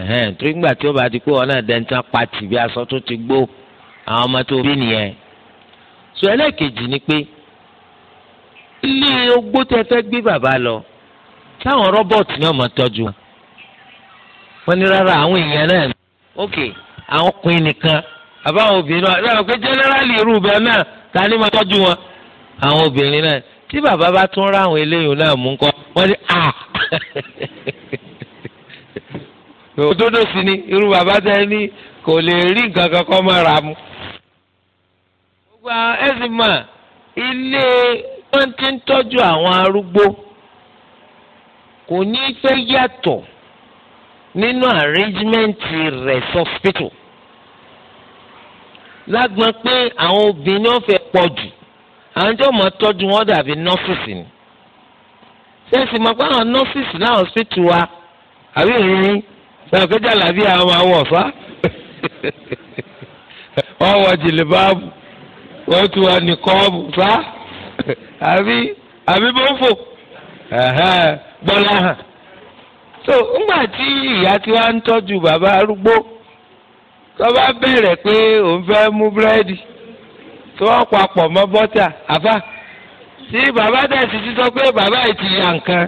ẹ̀hẹ́n torí gbà tí ó bá di pé wọn náà dẹ́ntàn pati bí aṣọ tó ti gbó àwọn ọmọ tó bí nìyẹn. sọ ẹlẹ́ẹ̀kejì ni pé ilé ogbó tẹ fẹ́ gbé bàbá lọ táwọn rọ́bọ̀tì náà mọ̀ tọ́jú wọn. wọ́n ní rárá àwọn èèyàn náà ok àwọn ọkùnrin nìkan àbáwọn obìnrin náà lọ́wọ́ pé jẹ́nẹ́rálì irú bẹ́ẹ̀ náà ta ni máa tọ́jú wọn àwọn obìnrin náà tí bàbá bá tún rá àwọn eléyìí náà mú kọ́ wọ́n ní à òdodo sì ni irú bàbá tẹ ní kò lè rí nǹkan kan kọ́ máa ra mu. gbogbo àwọn ẹ̀sìn mọ̀ ilé wọn ti ń tọ́jú àwọn arúgbó kò ní fẹ́ yàtọ̀ nínú àrẹ́jímẹ́ǹtì rẹ̀ sọ́fítù lágbọ́n pé àwọn obìnrin wọn fẹ́ pọ̀ jù àwọn tí wọ́n mọ̀ tọ́jú wọn dàbí nọ́ọ̀sì ni sẹ́ẹ̀sì mọ̀ pé àwọn nọ́ọ̀sì náà hospital wa àbí ìrírí sọ̀rọ̀ kẹjà làbí àwọn àwọn ọ̀fà <laughs> wọ́n wọ jìlìbáàbù wọ́n tún wọ nìkọ́ọ̀bù fa àbí àbí bó bọ́lá hàn. so ńgbà tí ìyá tí wàá ń tọ́jú bàbá arúgbó tó bá bẹ̀rẹ̀ pé òun fẹ́ mú búrẹ́dì tí wọ́n papọ̀ mọ́ bọ́tà àfa tí bàbá dẹ̀ sì ti sọ pé bàbá yìí ti yà nǹkan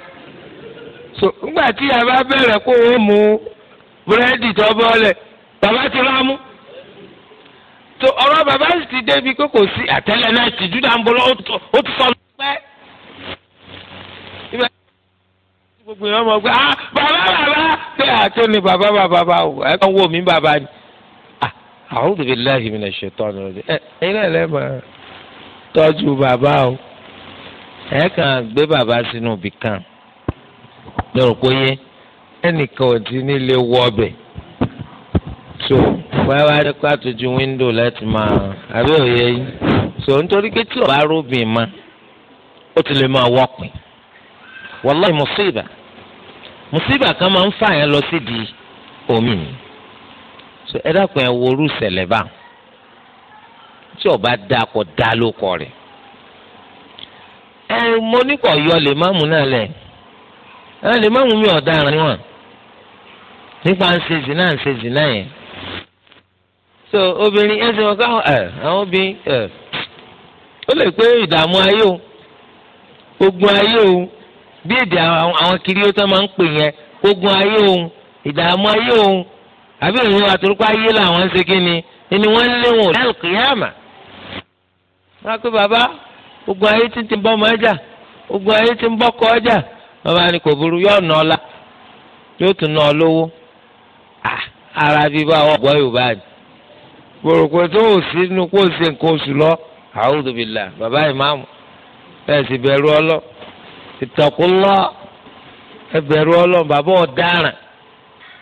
so ńgbà tí bàbá bẹ̀rẹ̀ kó wọ́n mú búrẹ́dì tó bọ́ọ̀lẹ̀ bàbá ti rán mú tó ọ̀rọ̀ bàbá sì ti débi pé kò sí àtẹ́lẹ̀ náà tìjú náà ń bọ́ lọ́wọ́ ó ti sọ pẹ́ gbogbo ìyọ́mọ̀ pé ah bàbá bàbá pé àtẹ́ni ah, bàbá bàbá bá wò kàn wò mí bàbá ni. àwùjọ bíi láàyè mi náà ṣètò ọ̀nà rẹ̀ ẹ ilé ẹ̀lẹ́ máa tọ́jú bàbá o ẹ kàn gbé bàbá sínú ibì kan lọ́rọ̀ kó yé ẹnìkan ò ti nílé wọ ọbẹ̀ ju wíńdò láti máa àbí òye so nítorí pé tí ọba arúgbìn ma ó ti lè máa wọ́pin wàláì mùsíbà mùsíbà kan máa ń fà yẹn lọ sídìí omi nìyí so ẹ dákun ẹ worú ṣẹlẹ̀ bá tí ọba dáa kọ dá ló kọ rẹ̀ ẹ mo ní kọ lè má mú náà lẹ ẹ lè má mú mi ọ̀daràn níwọ̀n nípa ń ṣe zina ń ṣe zina yẹn so obìnrin ẹ ṣe wọn ká ẹ àwọn obìnrin ẹ ó lè pé ìdààmú ayé o ogun ayé o bí èdè àwọn kiri ó tán máa ń pè yẹn ogun ayé o ìdààmú ayé o àbí òun àtúrúkọ ayé làwọn ṣe kí ni wọn ò lẹ́nu kìyàmà. wọ́n á bàbá ogun ayé ti ti bọ́ ọmọ ẹja ogun ayé ti ń bàbá ni kò burú yóò nà ọ́ la yóò tún nà ọ́ lówó. ara bíi bá wọn gbọ́ yorùbá ni tó ò sí inú kó ṣe nǹkan oṣù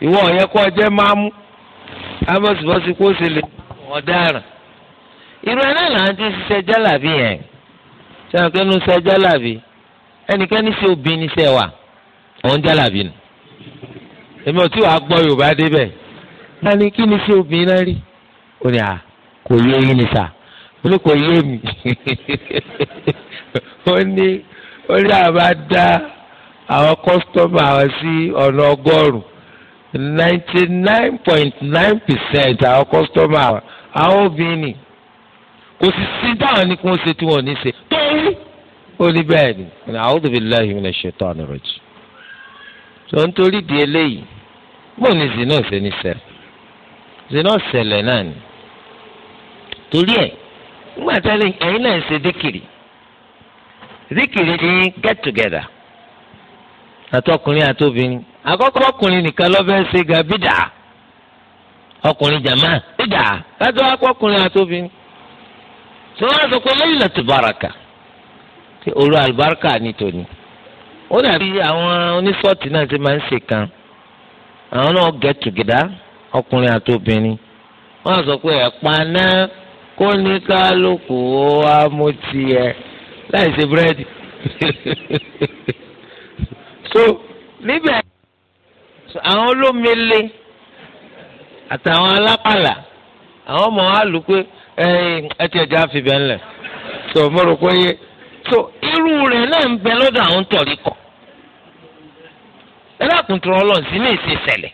ìwọ yẹn kọ́ jẹ́ máàmú abọ́sibọ́sí kó ṣe lè ọ̀daràn irú ẹ̀ náà láti ṣiṣẹ́ jálàbí yẹn sẹ́wọ̀n kẹ́nu ṣe jálàbí ẹnikẹ́ni ṣe obìnrin ṣe wà òun jálàbí nù èmi ò tí wàá gbọ́ Yorùbá débẹ̀ ẹni kí ni ṣe obìnrin náà rí ó à kò yé yín ni sà ó ní kò yé mi ó ní ó ní àbá dá àwọn kọ́sítọ́mù àwọn sí ọ̀nà ọgọ́rùn-ún ninety nine point nine percent àwọn kọ́sítọ́mà wa àwọn obìnrin ni kò sì sí dáhùn ní kí wọ́n ṣe tí wọ́n ní ṣe tóun ó ní bẹ́ẹ̀ ni a'udhu billahi minash shaitani rajim. tó ń torí di eléyìí bó ni zina ṣe ní ṣẹlẹ̀ zina ṣẹlẹ̀ náà ni torí ẹ̀ ńgbà tẹ́lẹ̀ ẹ̀yin náà ṣe díkìrì díkìrì ní get together. àtọkùnrin àtobìnrin àkọ́kọ́ ọkùnrin nìkan lọ́fẹ́ ṣe ga bídà ọkùnrin jàmá bídà kájọ akọkùnrin àtobìnrin tí wọ́n sọ pé lẹ́yìn lọ́tì bàràkà tí olú àlùbáríkà ni tòní ó dàbí àwọn oníṣọ́ọ̀tì náà ti máa ń ṣe kan àwọn náà gẹ̀ tùgìdá ọkùnrin àtobìnrin wọ́n sọ pé ẹ̀pá náà kó ní kálukú wa mú tiẹ̀ láì ṣe búrẹ́dì. <laughs> so níbẹ̀ àwọn olómele àtàwọn alápàlà àwọn ọmọ wa lù pé ẹ ti ẹja fìbẹ́ ńlẹ̀ so mo rò pé yé so irú rẹ̀ náà ń bẹ lọ́dọ̀ àwọn tọ̀rí kọ̀ ẹ ọlọ́run sí ní ìsìn ìṣẹ̀lẹ̀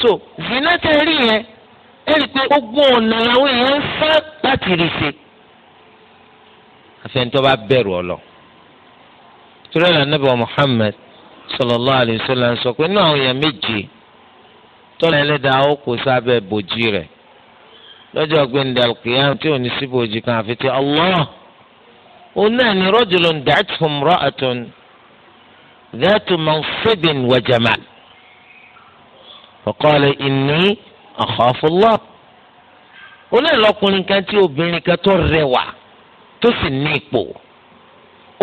so zina tẹ rí yẹn ẹ rí i pé gbogbo ọ̀nà làwọn èèyàn ń sá láti rí i ṣe àfẹnitọ́ bá bẹ̀rù ọlọ́run turẹ́lẹ̀ anábọ̀ Muhammad sallallahu alayhi wa sallam sọ pé nínú àwọn èèyàn méjì tọ́lá ẹlẹ́dàá ó kó sábẹ́ bòjì rẹ̀ lọ́jọ́ gbẹ̀ndẹ̀ alqiyam tí ò ní sí bòjì kan àfi ti Allah òun náà ni rajulun da'athu imra'atun dhatu mansibin wa jamal faqala inni akhafu Allah òun náà lọkùnrin kan tí obìnrin kan tó rẹwà tó sì ní ipò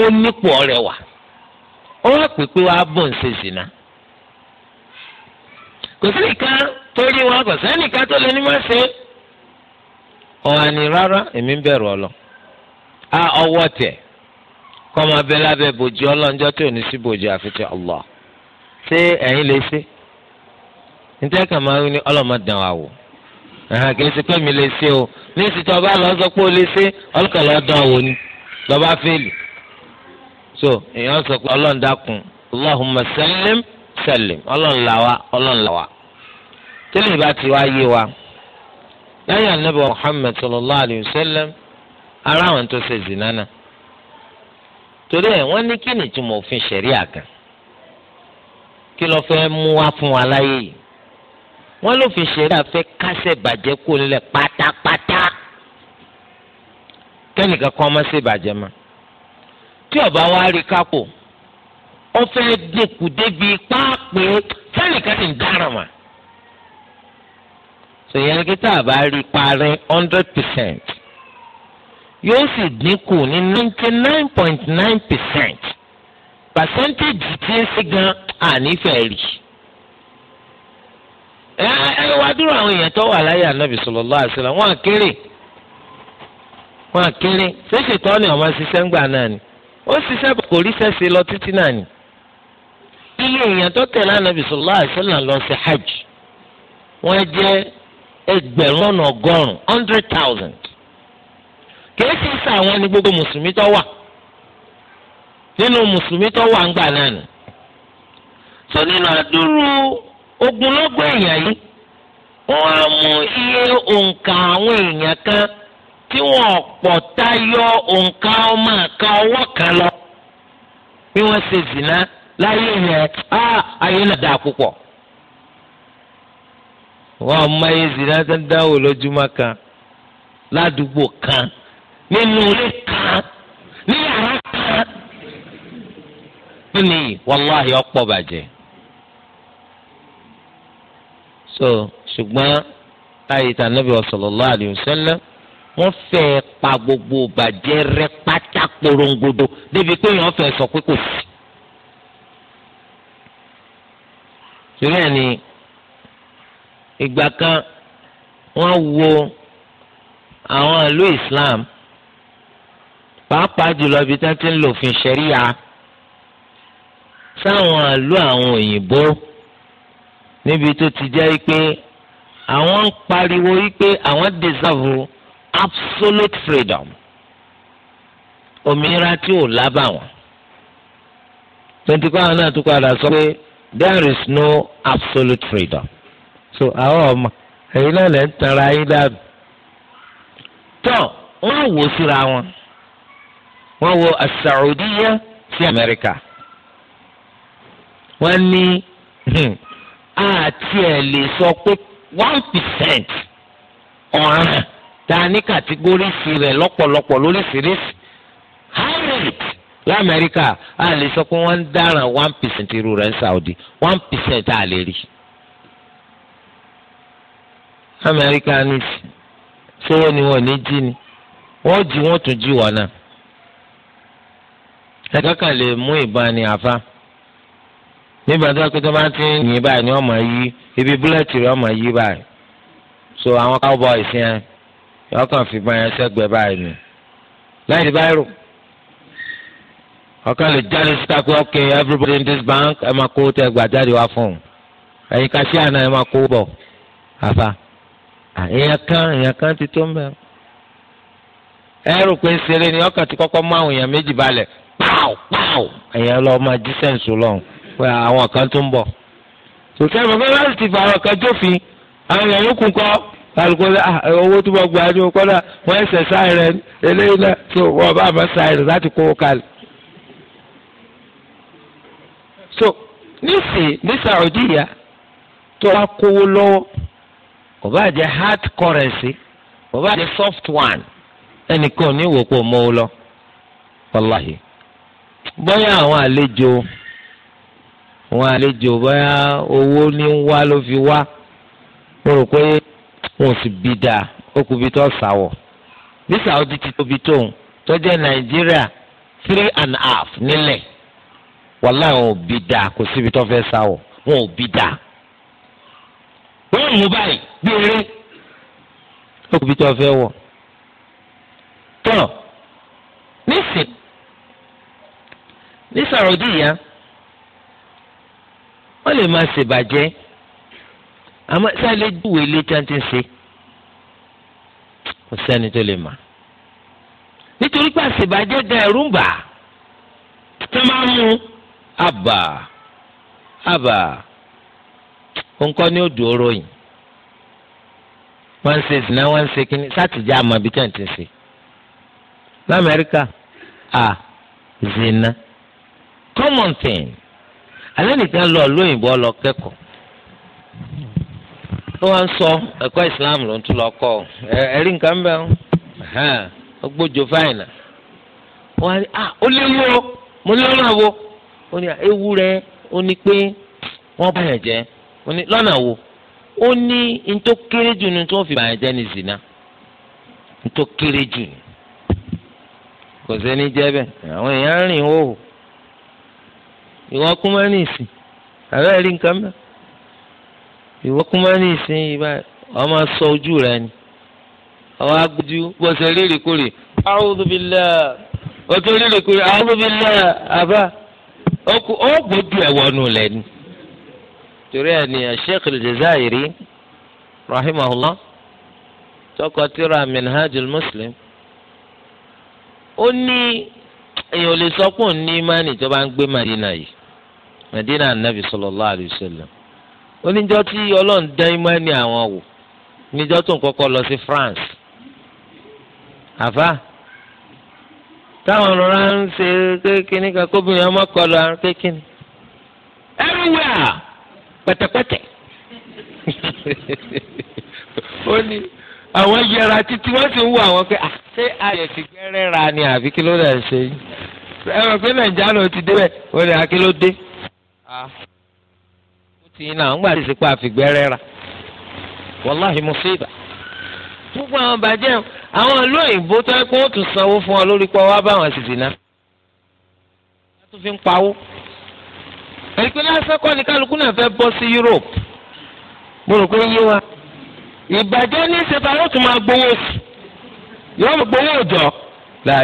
ó nípò rẹwà ó wá pè pé wàá bò ń ṣe zina kò sí nìkan tó rí wọn kò sí tó lè ní má ṣe ọ̀hání rárá èmi ń bẹ̀rù ọ a ọwọ́ tẹ̀ kọ́ máa bẹ lábẹ́ bòjì ọlọ́njọ́ tí ò ní sí bòjì àfitì Allah ṣé ẹ̀yin lè ṣe níta kà máa ń ní ọlọ́mọdàn wà wò ẹ̀hàn kì í ṣe pé mi lè ṣe o ní ìsìtọ́ bá lọ sọ pé o lè ṣe ọlọ́kàlọ́ dán ni lọ́ba fẹ́ẹ̀lì. so èèyàn sọ pé ọlọ́run dákun allahumma sallim sallim ọlọ́run là ọlọ́run là tẹ́lẹ̀ bá ti wa lẹ́yìn anabi muhammed sallallahu alayhi wa sallam ara àwọn tó ṣe zina torí wọ́n ní kí ni kan kí fẹ́ mú wá láyé yìí wọ́n kásẹ̀ bàjẹ́ pátápátá kẹ́nìkan bàjẹ́ máa. tí ọba wa rí kápò ó fẹ́ dínkù débi pápẹ́ sẹ́nìkan ní dáràmà. sèyàn kíkà bá rí parẹ́ hundred percent yóò sì dínkù ní ninety nine point nine percent percentage tí ń sí gan ànífẹ́ rí. ẹ ẹ wá dúró àwọn èèyàn tó wà láyé ànábì sallallahu alaihi wasallam wọn àkéré wọn àkéré ṣéṣètò ọ̀nà ọmọ ṣiṣẹ́ ń gbà náà ni. ó ṣiṣẹ́ bọ̀ kò rí lọ títí náà ni ilé èèyàn tó tẹ̀lé ànábì sallallahu alaihi lọ sí hajj wọ́n jẹ́ ẹgbẹ̀rún ọ̀nà ọgọ́rùn-ún hundred thousand kìí ṣe sá àwọn ní gbogbo mùsùlùmí tó wà nínú mùsùlùmí tó wà ń gbà náà nù tó nínú èèyàn yìí wọ́n á mú iye òǹkà àwọn èèyàn kan. tí wọ́n pọ̀ tayọ òǹkà ọmọ àka ọwọ́ kan lọ bí wọ́n láyé yẹn á ayé náà dáa púpọ̀. wọ́n mọ ayé zìnà lójúmọ́ kan ládùúgbò kan nínú ilé kan ní yàrá kan. kí wàláhì ọ̀pọ̀ bàjẹ́. so ṣùgbọ́n wọ́n fẹ́ pa gbogbo bàjẹ́ rẹ́ pátá porongodo débi pé èèyàn fẹ́ sọ pé kò sí. torí ẹ̀ ni ìgbà kan wọ́n wo àwọn ìlú Islam pàápàá jùlọ ibi tí wọ́n ti ń lò fún ṣẹ́ríà sáwọn ìlú àwọn òyìnbó níbi tó ti jẹ́ pé àwọn ń pariwo wípé àwọn deserve absolute freedom òmìnira tí ò lábàwọ́n tontikọ́ àwọn náà tún padà sọ pé there is no absolute freedom so àwọn ọmọ èyí náà lè ń tanra yín dàbí tọ́ wọ́n wò síra wọn wọ́n wo asaudiya sí amẹ́ríkà wọ́n ní àti hmm, ẹ̀ lè sọ pé one percent ọ̀ràn tá ta ní kàtígórì sí rẹ̀ lọ́pọ̀lọpọ̀ lóríṣiríṣi high rate lamẹ́ríkà a lè sọ pé wọ́n ń dáràn one percent irú rẹ̀ ní Saudi one percent a lè rí amẹ́ríkà ní sọ́wọ́ ni wọ́n ní jí ni wọ́n jí wọ́n tún jí wọ́n náà ẹ̀ka kan lè mú ìbọn ní afá nígbà tó kí tó bá ti ń yìn báyìí ni wọ́n máa yí ibi búlẹ̀tì rẹ̀ wọ́n máa yí báyìí so àwọn cowboys yẹn. Yeah ọkàn fi gbọn sẹgbẹ báyìí ni láì di báyìí ọkàn lè jáde síta pé ok everybody in this bank ẹ máa kó tẹ gbà jáde wá fún un ẹ máa kó bọ̀ àfa èèyàn kan kan ti tó mẹ ẹ rò pé ni àwọn èèyàn méjì lọ pé àwọn kan tó ń bọ̀ tòkẹ́ bàbá láti fà àwọn kan jófin àwọn èèyàn alùpùpù ah, owó tí wọ́n gba ẹni o kọ́dà wọ́n ẹsẹ̀ sáìrẹ̀ eléyìí náà tó wọ́n bá àmọ́ sáìrẹ̀ láti kó kalẹ̀. so nísìnyí ní Saudiya tó wá kówó lọ́wọ́ kò bá jẹ́ hard currency kò bá jẹ́ soft one ẹnìkan ní ìwò kò mọ́ ọ lọ wàláhì bóyá àwọn àlejò àwọn àlejò bóyá owó ní wá ló fi wá mo rò pé. wọn ò sì bí dáa bí tó Saudi ti tóbi Nàìjíríà three and a half nílẹ̀ wàláì wọn ò bí dáa kò síbi tó wọn ò bí wọ́n mú báyìí bí eré ó bí tó nísìn yá lè àmọ́ sáyẹlẹ júwe ilé tí wọn ti ń ṣe kò sẹ́ni tó lè mà nítorí pé àṣìbàjẹ́ gan ẹ̀rú ń bà tó máa ń mú àbà àbà nǹkan ní odò oró yìí wọ́n ń ṣe ìsìná wọ́n ń sátìjà àmọ́ ibi tí wọ́n ti ń ṣe lamẹ́ríkà à zina common thing alẹ́ nìkan lọ lóyìnbó lọ kẹ́kọ̀ọ́ ó wá ń sọ islam ló ń tún lọ kọ́ ẹ̀rí nǹkan bẹ́ẹ̀ ọ gbójú fáìnà wọ́n á ní à ah, ó léwu o mo léwu náà wo ó ní ewu rẹ ó ní pé wọ́n bá jẹ́ ó ní lọ́nà wo ó ní ntó kéré jù ní tó fi bàyàn jẹ́ ní zina ìwọ́kùn máa ní ìsinyìí báyìí wọ́n máa sọ ojú rẹ ni àwọn agbójú bó ṣe rírì kúrì a'udhu billahi o tó rírì kúrì a'udhu billahi àbá ó gbójú ẹ̀ wọnú lẹ̀ ni. torí ẹ̀ ní Sheikh al-Jazairi rahimahullah tọkọ tíra minhajul muslim ó ní èèyàn ò lè sọ pé òun ní imáàní tó ń gbé Madina yìí Madina anabi sallallahu alayhi wa sallam oníjọ́ tí ọlọ́run dán imọ́ ẹni àwọn wò níjọ́ tó ń kọ́kọ́ lọ sí France àfa táwọn rọra ń ṣe kékeré kan kóbìnrin ọmọ kọlọ àrùn kékeré everywhere pẹ̀tẹ̀pẹ̀tẹ̀ <laughs> ó ní àwọn yẹra títí wọ́n sì ń wo àwọn pé ṣé ayọ̀ ti gbẹ́rẹ́ ra ni àbí kí ló dẹ̀ ṣe yìí ẹ rò pé nàìjíríà ló ti débẹ̀ ó ní akí ló dé tí náà ń gbà tí ìsìnkú àfìgbẹ́rẹ́ ra wàláhì mùsíbà gbogbo àwọn bàjẹ́ àwọn ìlú òyìnbó tó ẹ pé wọ́n tún sanwó fún ọ lórí pé wọ́n bá wọn sì dìná. wọ́n tún fi ń pawó. ẹ̀ríkì lásán kọ́ ni kálukú náà fẹ́ bọ́ sí Europe. mo rò pé yé wa. ìbàjẹ́ ní ìṣètò àwọn tún máa gbowó sí. yóò máa gbowó òjọ́. la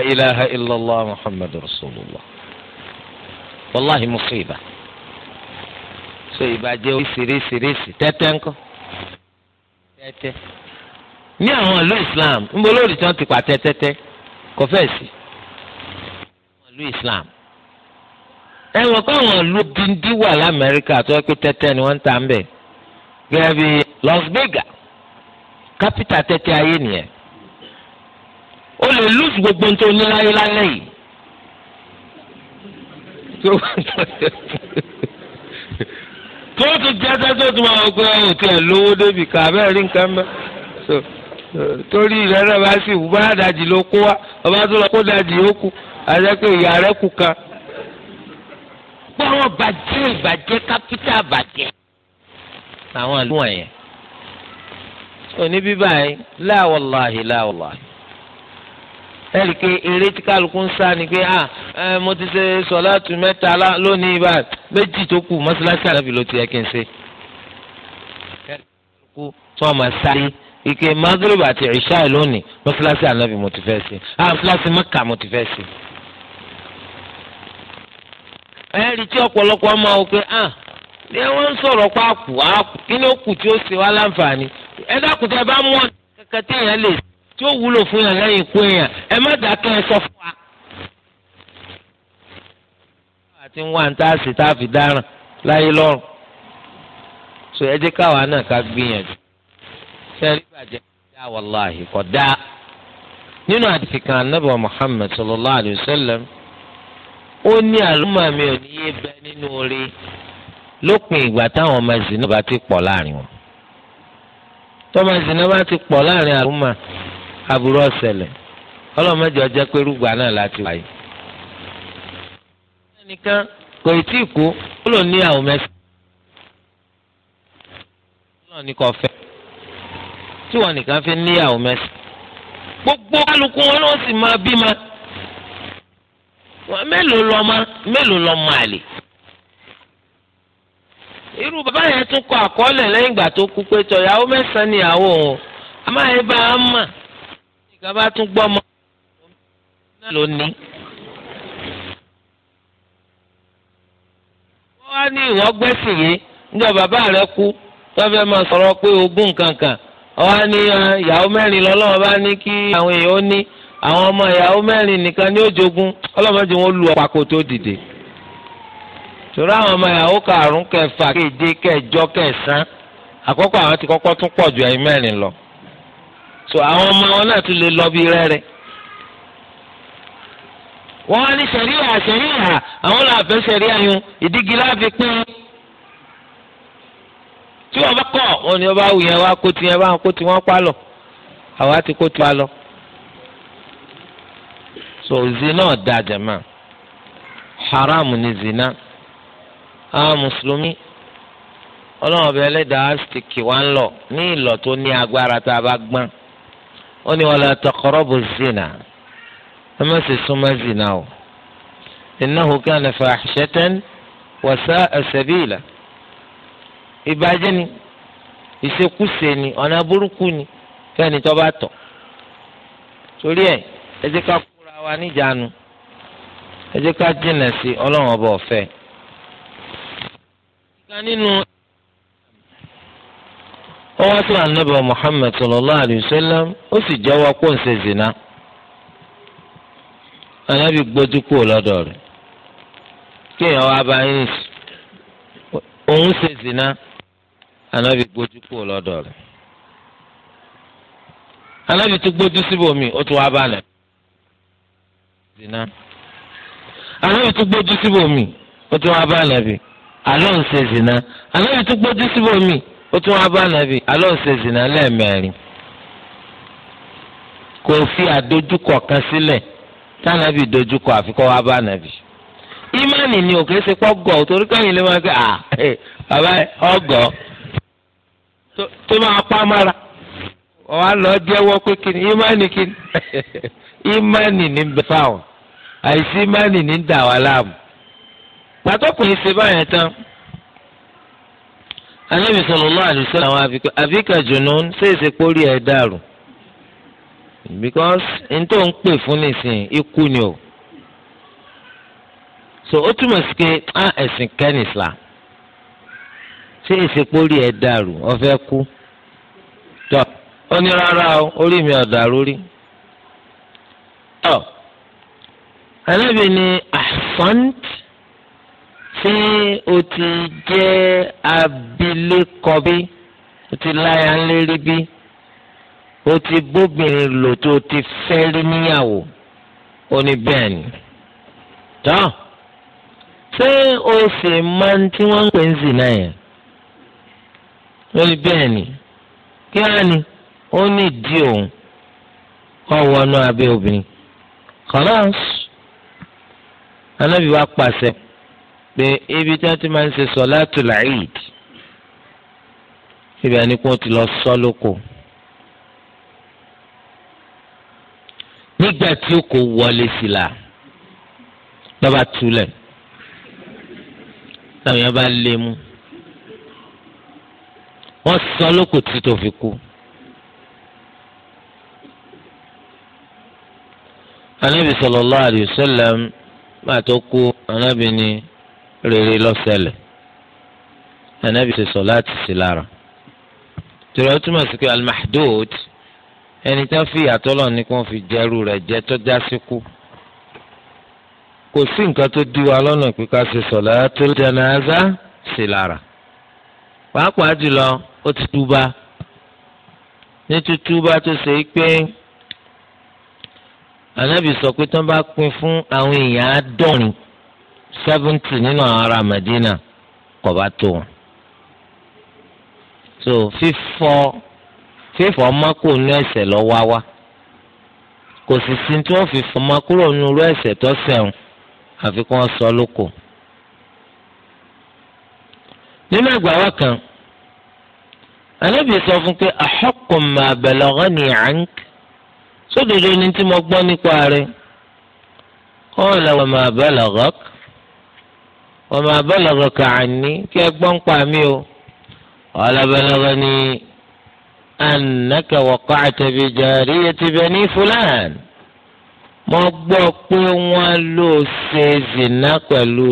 illallah muhammadu rasulillah. wàláhi musiba. so ìbàjẹ́ oríṣiríṣiríṣi tẹ́tẹ́ ńkọ́ tẹ́tẹ́ ní àwọn ìlú Islam ń bọ́ lórí tí ti pa tẹ́tẹ́tẹ́ kò fẹ́ Islam ẹ kọ́ àwọn ìlú díndín wà lamẹ́ríkà tó pé tẹ́tẹ́ ni wọ́n ń ta ń bẹ̀ gẹ́gẹ́ bí Las Vegas kápítà tẹ́tẹ́ ayé o lè lùsù gbogbo ní ní tó o tún jẹ́ sẹ́sẹ́ tó máa gbé òtí lówó débi ká bẹ́ẹ̀ rí nǹkan mọ́ eh, torí rẹ̀ bá sì wù bá dàjì ló kó ọba tó lọ kó dàjì ó kú àjẹpẹ́ ìyá rẹ̀ kú kan. pé àwọn bàjẹ́ ìbàjẹ́ kápítà bàjẹ́ àwọn ẹ̀rí pé eré tí kálukú ń sá ni pé à ẹ mo ti ṣe sọ̀láàtù mẹ́ta lónìí ibà méjì tó kù mọ́ṣáláṣí àlọ́bì ló ti yẹ kí n ṣe. kálukú tí wọ́n máa sáré ike magreba àti ìṣáì lónìí mọ́ṣáláṣí àlọ́bì mo ti fẹ́ ṣe à mọ́ṣáláṣí mẹ́kà mo ti fẹ́ ṣe. ẹ̀rí tí ọ̀pọ̀lọpọ̀ máa wò pé à ni wọ́n ń sọ̀rọ̀ pa àpò àpò kí ni ó kù tí ó ṣe wá láǹfààní ẹ dákun tẹ bá mú ọ̀nà tí ó wúlò fún yàn lẹ́yìn ikú èèyàn ẹ má dákẹ́ ẹ sọ fún wa. àti ń wá ní táàsì tá a fi dáràn láyé lọ́rùn so ẹ jẹ́ káwa náà ká gbìyànjú sẹ́rí bàjẹ́ dá wàláhì kọ́ dá nínú àdìsí kan anábọ̀ Muhammad sallallahu alayhi wa sallam ó ní àlùmọ̀ mi ò ní yé bẹ nínú orí lópin ìgbà táwọn ọmọ ìsìn náà bá ti pọ̀ láàrin wọn tọ́mọ ìsìn náà bá ti pọ̀ láàrin àlùmọ̀. aburú ọ̀sẹ̀lẹ̀ ọlọ́mọdé ọjọ́ pé rúgbà náà láti wáyé. ẹnìkan kò tí ì kú ó lò ní àwọn mẹ́sàn-án. ọlọ́run ní kò fẹ́ tí wọn nìkan fi níyàwó mẹ́sàn-án. gbogbo kálukú wọn náà sì máa bí ma. mélòó lọ́mọ mélòó lọ́mọ àlè. irú bàbá yẹn tún kọ àkọọ́lẹ̀ lẹ́yìn ìgbà tó kú pé tọ̀yàwó mẹ́sàn-án níyàwó òun a máa yẹ ẹnìkan tún gbọ́ ọmọ náà ló ní. wọ́n wá ní ìwọ́n gbẹ́sì yìí níjọ́ bàbá rẹ̀ kú tọ́fẹ́ máa sọ̀rọ̀ pé ogún kankan wọ́n ní ah, ìyàwó mẹ́rin lọ́lọ́wọ́ bá ní kí àwọn èèyàn ó ní àwọn ọmọ ìyàwó mẹ́rin nìkan ní òjogún ọlọ́mọdé wọn lu so àwọn ọmọ wọn náà tún lè lọ bí rẹ́rẹ́ wọ́n á ní sẹ̀ríà sẹ̀ríà àwọn là fẹ́ sẹ̀ríà yun ìdígi láfi pín tí wọ́n bá kọ̀ wọ́n ní wọ́n bá wù yẹn wá kó tiẹ̀ bá wọn kó tiwọn pa lọ àwa ti kó tiwa lọ so zina ọ̀dà jẹ̀mà haram ni zina àwọn mùsùlùmí ọlọ́run ọbẹ̀ ẹlẹ́dàá ti kì wá ń lọ ní ìlọ tó ní agbára tá a bá gbọ́n ó ní wala taqrabu zina ẹ má sì súnmọ́ zina o innahu kana fahshatan wa sa'a sabila ìbàjẹ́ ni ìṣekúṣe ni ọ̀nà burúkú ni fẹ́ni tó bá tọ̀ torí ẹ̀ ẹ jẹ́ ká kúra wa níjàánu ẹ jẹ́ ká jìnnà sí ọlọ́run ọba ọ̀fẹ́. ó wá sọ anábà muhammed sallallahu alayhi ó sì jẹ́wọ́ zina anábì gbójú kúrò lọ́dọ̀ rẹ̀ kí èèyàn wá bá yín òun ṣe zina anábì gbójú kúrò lọ́dọ̀ rẹ̀ anábì tún gbójú síbòmí ó wá bá zina anábì tún gbójú síbòmí ó tún wá bá nàbì alóhùn ṣe zina anábì tún gbójú síbòmí. ó tún wá bá nàbì alọ́ ṣe zìnà lẹ́ẹ̀mẹ́rin kò fi àdójúkọ kan sílẹ̀ tánàbì dojúkọ àfikọ́ wá bá nàbì ìmánì ni òkè ṣe pọ́ gọ̀ torí káyìn lè máa gbé à bàbá ọgọ̀ tó máa pa mára wọ́n á lọ jẹ́wọ́ pé kíni ìmánì kíni ìmánì <laughs> ní bẹ fáwọn àìsí ìmánì ní dà wá láàmú pàtó kò ní ṣe báyẹn tán. anábì sallallahu alaihi wasallam àwọn àbíkà àbíkà jùnún ṣèṣe pórí ẹ̀ dàrú because n tó ń pè fún nísìnyí ikú ni o so ó túmọ̀ sí pé á ẹ̀sìn kẹ́ni Islam ṣé ìsèpórí ẹ̀ dàrú ọ̀fẹ́ kú tọ́ ó ní rárá o orí mi ò dàrú rí tọ́ anábì ni ahsant ṣé o ti jẹ́ abilékọ bí o ti láya lérí bí o ti bóbìnrin lò tó o ti fẹ́ rí níyàwó ó ní bẹ́ẹ̀ ni. tán ṣé o sì máa ń tí wọ́n ń pè ń zì náà yẹn ó ní bẹ́ẹ̀ ni kí á ní ó ní ìdí òun ọ̀wọ́nú abẹ́ obìnrin. kọ́lá anábì pàṣẹ pé ibi tí wọ́n ti máa ń ṣe sọ̀láàtù làìd ibẹ̀ ni kò ti lọ sọ lóko. nígbà tí ó kò wọlé sí la lọ́ba túlẹ̀ táwọn yẹn bá lé mu wọ́n sọ lóko tí tó fi kú. anabi sallallahu alayhi wa sallam máa tó kú anabi ni rere lọ́sẹ̀lẹ̀ anabi ṣe sọ láti sí lára torí ó túmọ̀ sí pé almahdud ẹni tó fi ìyàtọ̀ lọ ní kí wọ́n fi jẹ́rú rẹ̀ jẹ́ tó já sí kú kò sí nǹkan tó di wa lọ́nà pé ká ṣe sọ̀látul janaza sí lára pàápàá jùlọ ó ti túbá ní tútúbá tó ṣe é pé anabi sọ pé tó bá pín fún àwọn èèyàn àádọ́rin seventy nínú àwọn Medina kò bá tó wọn. so fífọ fífọ mako nínú ẹ̀ṣẹ̀ lọ wá wá kò sì sí tí wọ́n fi fọmọ kúrò nínú ẹ̀ṣẹ̀ tó ṣẹ̀wọ̀n àfi kí wọ́n sọ lóko. nínú ẹgbàá wa kan Ànábì sọ fún pé ahaqqu ma balaghani ank sódodo ni tí mo gbọ́ nípa rẹ̀ qala wa ma balaghak wa ma balagaka anni kí ẹ gbọ́n pa mí o qala balagani annaka waqa'ta bi jariyati bani fulan mo gbọ́ pé wọ́n lò ṣe zina pẹ̀lú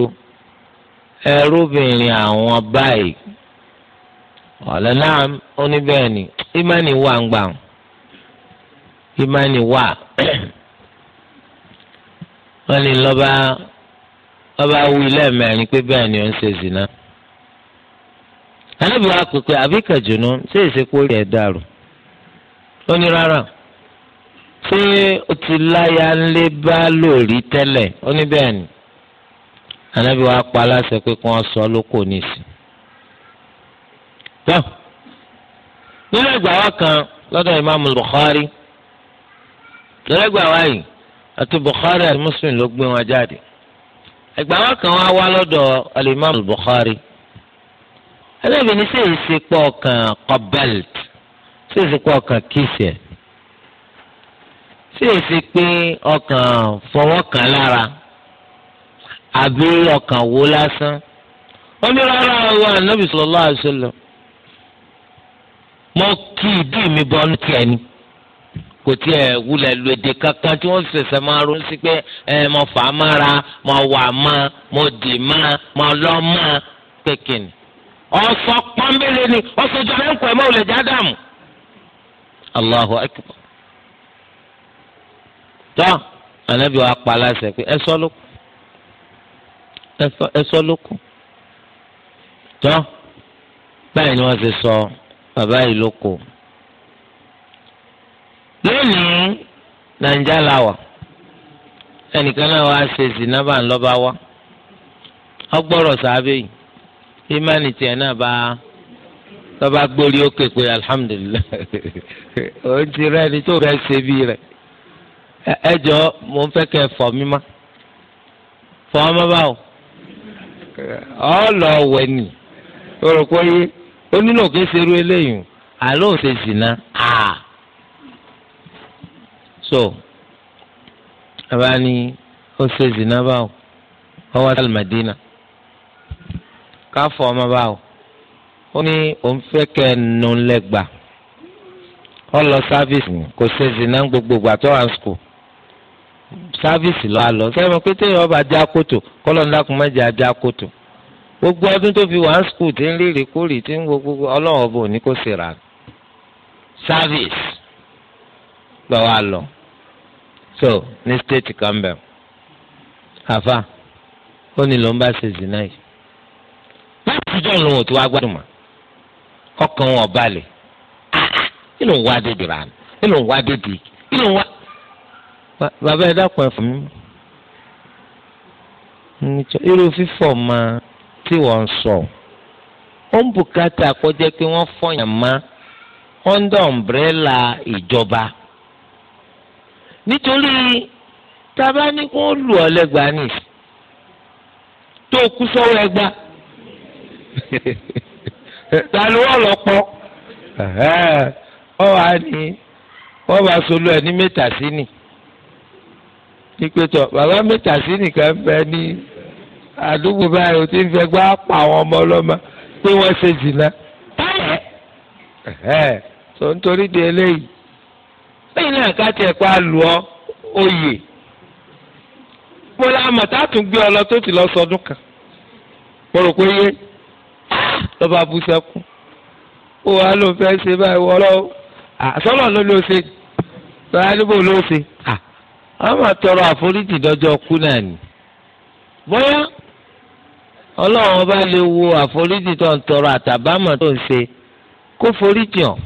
ẹrúbìnrin àwọn báyìí qala na'am ó ni ìmánì wà ń gbà ìmánì wà <clears throat> wọ́n lè lọ́ba ọba wí lẹ́ẹ̀mẹ́rin pé bẹ́ẹ̀ ni ó ń ṣe zina. anábì wa pè pé àbí kẹjùnú ṣé ìsìnkú rẹ̀ dàrú ó ní rárá ṣé o ti láya ńlé bá lórí tẹ́lẹ̀ ó ní bẹ́ẹ̀ ni anábì wa pa aláṣẹ pé kí wọ́n sọ lóko nísì. tó nínú ìgbà wa kan lọ́dọ̀ ìmáàmù Bukhari lọ́dọ̀ ìgbà wa yìí àti Bukhari àti Muslim ló gbé wọn jáde ẹgbà wa kan wá wá lọ́dọ̀ alimami Bukhari ẹlẹ́bi ní sèyí sí pọ̀ kan kọ́bẹ́lt sèyí sí pọ̀ kan kìsẹ̀ sèyí sí pé ọkàn fọwọ́ kan lára àbí ọkàn wo lásán wọ́n ní rárá wa anabi sallallahu alaihi kí ìdí mi bọ́ ní tiẹ̀ ni kò tí ẹ wulẹ̀ lu èdè kankan tí wọ́n ṣẹ̀ṣẹ̀ máa ronú sí pé ẹ mọ fà á mára mọ wà má mọ dì má mọ lọ má kékin. ọ̀sọ̀ pọ́nbélé ni ọ̀sọ̀jọ́ rẹ̀ ń kọ́ ẹ̀ mọ́ òlẹ̀ jádàmù. Allahu akbar. tọ́ ànábì wa pa aláṣẹ pé ẹ sọ ló kù ẹ sọ ló kù tọ́ báyìí ni wọ́n ti sọ bàbá yìí ló lónìí nàìjà la wà ẹnìkan náà wàá ṣe zina bá ń lọ́ba wá ọgbọ́rọ̀ sáábẹ̀ yìí ìmánì tiẹ̀ náà bá lọ́ba gbórí ókè pé alihamudulilayi òun <laughs> ti rẹ ẹni tó rẹ ṣe bí rẹ ẹ jọ mo ń fẹ́ kẹ́ fọ̀ mí má fọ̀ ọmọ báwo ọlọ wẹ̀ nì o rò pé onínà ṣerú eléyìí àlọ́ òṣèṣì náà. so abáni ó ṣe zina báwo ó wá sí Madina káfọ ọmọ báwo ó ní òun fẹ́ kẹ́ ẹ nù lẹ́gbàá ó lọ sáfíìsì kò ṣe zina gbogbo ìgbà tó wà ní sùkúl sáfíìsì lọ́ àlọ́ sẹ́yìn mọ̀ pé téèyàn ọba já kótó kọ́lọ́ ńlá kún mẹ́jẹ ajá kótó gbogbo ọdún tó fi wà ní sùkúl ń rírì kúrì tí ń gbogbo ọlọ́run ọba òní kò sì rà sáfíìsì lọ́wọ́ àlọ́ so ní stéètì kan bẹ̀ àfa ó ní ló ń bá ṣe zina yìí láti jọ́ lóhùn tó wá gbádùn mọ́ ọkàn wọn balẹ̀ inú ah, ah, wa dé dìrà inú wa dé dì inú wa. bàbá ẹ dákun ẹ fún mi irú fífọ̀ máa tí wọ́n sọ ó ń bùkátà kọjá pé wọ́n fọyàn má under umbrella ìjọba. E nítorí tábà ní kó lù ọ lẹ́gbàá nì tó kú sọ́wọ́ ẹgbà <laughs> ta ló wọ́ lọ pọ́ ọ wà ní wọ́n bá solú ẹ̀ ní mẹ́ta sí ni ìpètò bàbá mẹ́ta sí nìkan bẹ ní àdúgbò báyìí o ti ń fẹ́ gbá pa àwọn ọmọ ọlọ́mọ pé wọ́n ṣe jìnnà tó ń torí di eléyìí lẹ́yìn náà ká tiẹ̀ pa lù ọ́ oyè mo la mọ̀ tá a tún gbé ọ lọ tó ti lọ sọdún kan mo rò pé yé lọ́ba bú sẹ́kù ó wàá ló fẹ́ ṣe báyìí wọ́n lọ́wọ́ àsọ́nà ló ló ṣe báyìí níbo ló ṣe àwọn àforíjì dọ́jọ́ kú náà ni bóyá ọlọ́run ọba lè wo àforíjì tó ń tọrọ àtàbámọ̀ tó ń ṣe kó foríjì hàn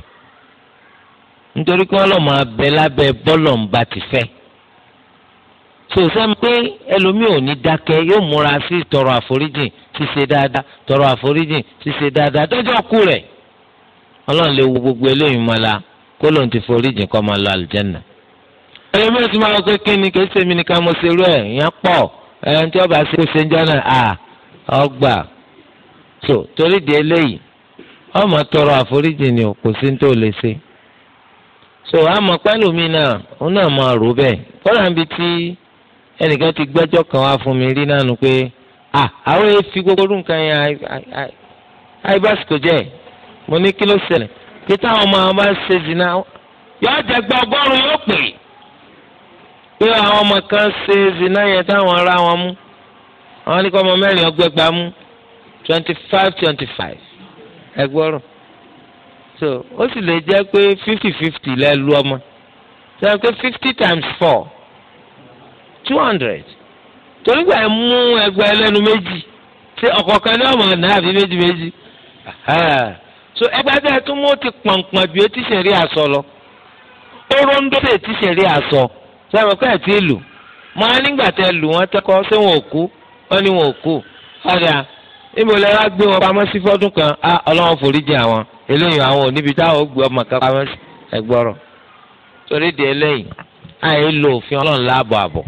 nítorí pé ọlọ́mọ abẹ lábẹ́ bọ́lọ̀ ń ba ti fẹ́ sòsẹ́mi pé ẹlòmíì ò ní dákẹ́ yóò múra sí tọrọ àforíjìn ṣíṣe dáadáa tọrọ àforíjìn ṣíṣe dáadáa dọ́jọ́ kú rẹ̀ ọlọ́run lè wo gbogbo eléyìí mọ́la kó lóun ti foríjìn kọ́ máa lọ àlùjẹ́nà. ẹlòmíì ti máa pé kí ni kì í mi nìkan mo ṣe irú ẹ̀ ìyẹn pọ̀ ẹni tí ọba ṣe kó ṣe ń jọ́nà à ọgbà tó torí di eléyìí ọmọ tọrọ àforíjìn ni kò sí ní tó lè ṣe. so àmọ́ pẹ́lúmi náà òun náà máa rò bẹẹ kọ́lá níbi tí ẹnìkan ti gbẹ́jọ́ kan wá fún mi rí nánu pé àwọn èèfi gbogbo ọdún kan yẹn mo ní kí ló ṣẹlẹ̀ pé táwọn ọmọ àwọn bá zina yóò jẹ gbọ́ ọgọ́rùn yóò pè pé àwọn ọmọ kan ṣe zina yẹn táwọn ará wọn mú àwọn ní kọ́ ọmọ mẹ́rin twenty so ó sì lè jẹ́ pé fifty fifty lẹ́ lu ọmọ sọ pé fifty times four two hundred torí gbà ẹ mú ẹgbẹ́ ẹlẹ́nu méjì ṣé ọ̀kọ̀ọ̀kan ní ọmọ náà àbí méjì méjì so ẹgbẹ́ tẹ́ ẹ tún mú ti pọ̀npọ̀n ju etí ṣe rí aṣọ lọ ó rọ́ńdó tẹ̀ etí ṣe rí aṣọ sọ ma pé ẹ̀ ti lù mọ á nígbà tẹ lù wọ́n tẹ́kọ̀ ṣé wọn ò kú wọ́n ní wọn ò kú ọ̀dà níbo lẹ́ wá gbé wọn pamọ́ sí fọ́dún kan ah, ọlọ́run forí jì àwọn eléyìí àwọn òníbi táwọn ó gbé ọmọ kan pa wọn ẹgbọrọ torí di eléyìí àyè lo òfin ọlọ́run láàbọ̀ àbọ̀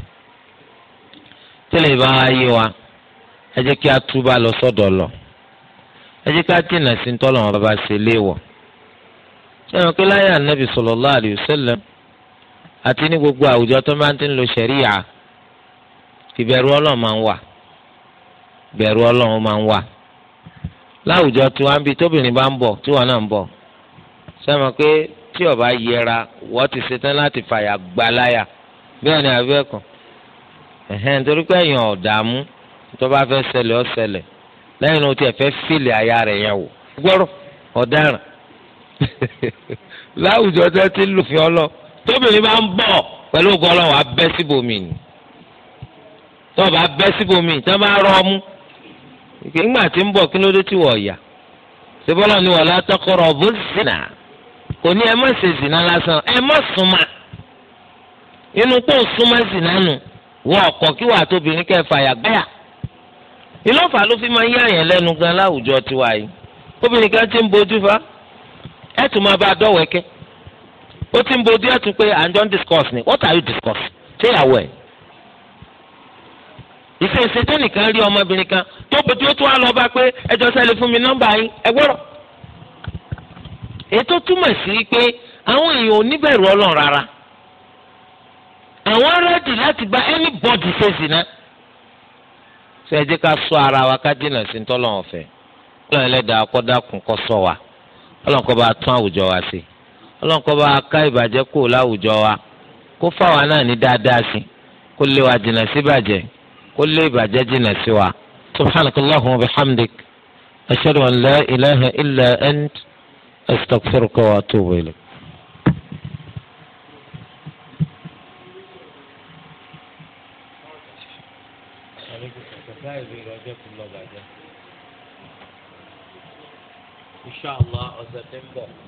tẹ́lẹ̀ bá wa yé wa ẹ jẹ́ kí a túbà lọ sọ́dọ̀ lọ ẹ jẹ́ kí a dènà sí ń tọ́lọ̀ wọn bá ba ṣe léèwọ̀ sẹ́yìn pé láyé ànábì sallallahu alayhi wa sallam àti ní gbogbo àwùjọ tó máa ti ń lo ṣẹ̀ríyà ìbẹ̀rù ọlọ́run máa ń wà ìbẹ̀rù ọlọ́run máa ń wà láwùjọ tí wọn bí tóbìnrin bá ń bọ̀ tí wọn náà ń bọ̀ sọmọ pé tí ọba yẹra wọ́n ti ṣetán láti fàyà gbaláyà bẹ́ẹ̀ ni àbí ẹ̀kọ́ ẹ̀hẹ́n torí pé èèyàn ọ̀dààmú tó bá fẹ́ ṣẹlẹ̀ ọ́ ṣẹlẹ̀ lẹ́yìn náà ó tiẹ̀ fẹ́ fìlẹ̀ aya rẹ̀ yẹn wò gbọ́rọ̀ ọ̀daràn <laughs> láwùjọ tó ti lùfẹ́ ọlọ tóbìnrin bá ń bọ̀ pẹ̀lú ògùn ọlọ́wọ́ síbòmí ni tọ́ba abẹ́ síbòmí tí wọ́n bá rọ ọmú ìgbà tí ń bọ̀ kí ló dé tí wọ́n ya sebọ́lá ni wọ́n látọ́kọ̀rọ̀ bó zina kò ní ẹ má ṣe zina lásán ẹ má súnmá inú kó súnmá zina nù wọ́n ọkọ̀ kí wàá tóbìnrin kẹfà yàgbẹ́yà ìlọ́fà ló fi máa ń yáyàn lẹ́nu gan láwùjọ tiwa yìí obìnrin kan ti ń bojú fa ẹ tún máa bá a dọ̀wẹ́kẹ́ ó ti ń bojú ẹ tún pé discuss ni what are you discuss ṣé ìyàwó ẹ̀ ìfẹsẹ̀ tẹ́nìkan rí ọmọbìnrin kan tó pè tí ó tún wá lọ bá pé ẹjọ́ sẹ́lẹ̀ fún mi nọ́mbà yín ẹ gbọ́dọ̀. ètò túmọ̀ sí pé àwọn èèyàn ò níbẹ̀rù ọlọ́run rárá àwọn rẹ́dì láti gba anybody ṣe zina. ṣé ẹ jẹ́ ká sọ ara wa ká dínà sí tọ́lọ́run ọ̀fẹ́ ọlọ́run ẹlẹ́dàá akọ́dákùn kọ́ sọ wa ọlọ́run kọ́ bá tún àwùjọ wa sí ọlọ́run kọ́ كل بعججنا سوى سبحانك اللهم وبحمدك أشهد أن لا إله إلا أنت أستغفرك وأتوب إليك إن شاء الله أستمتع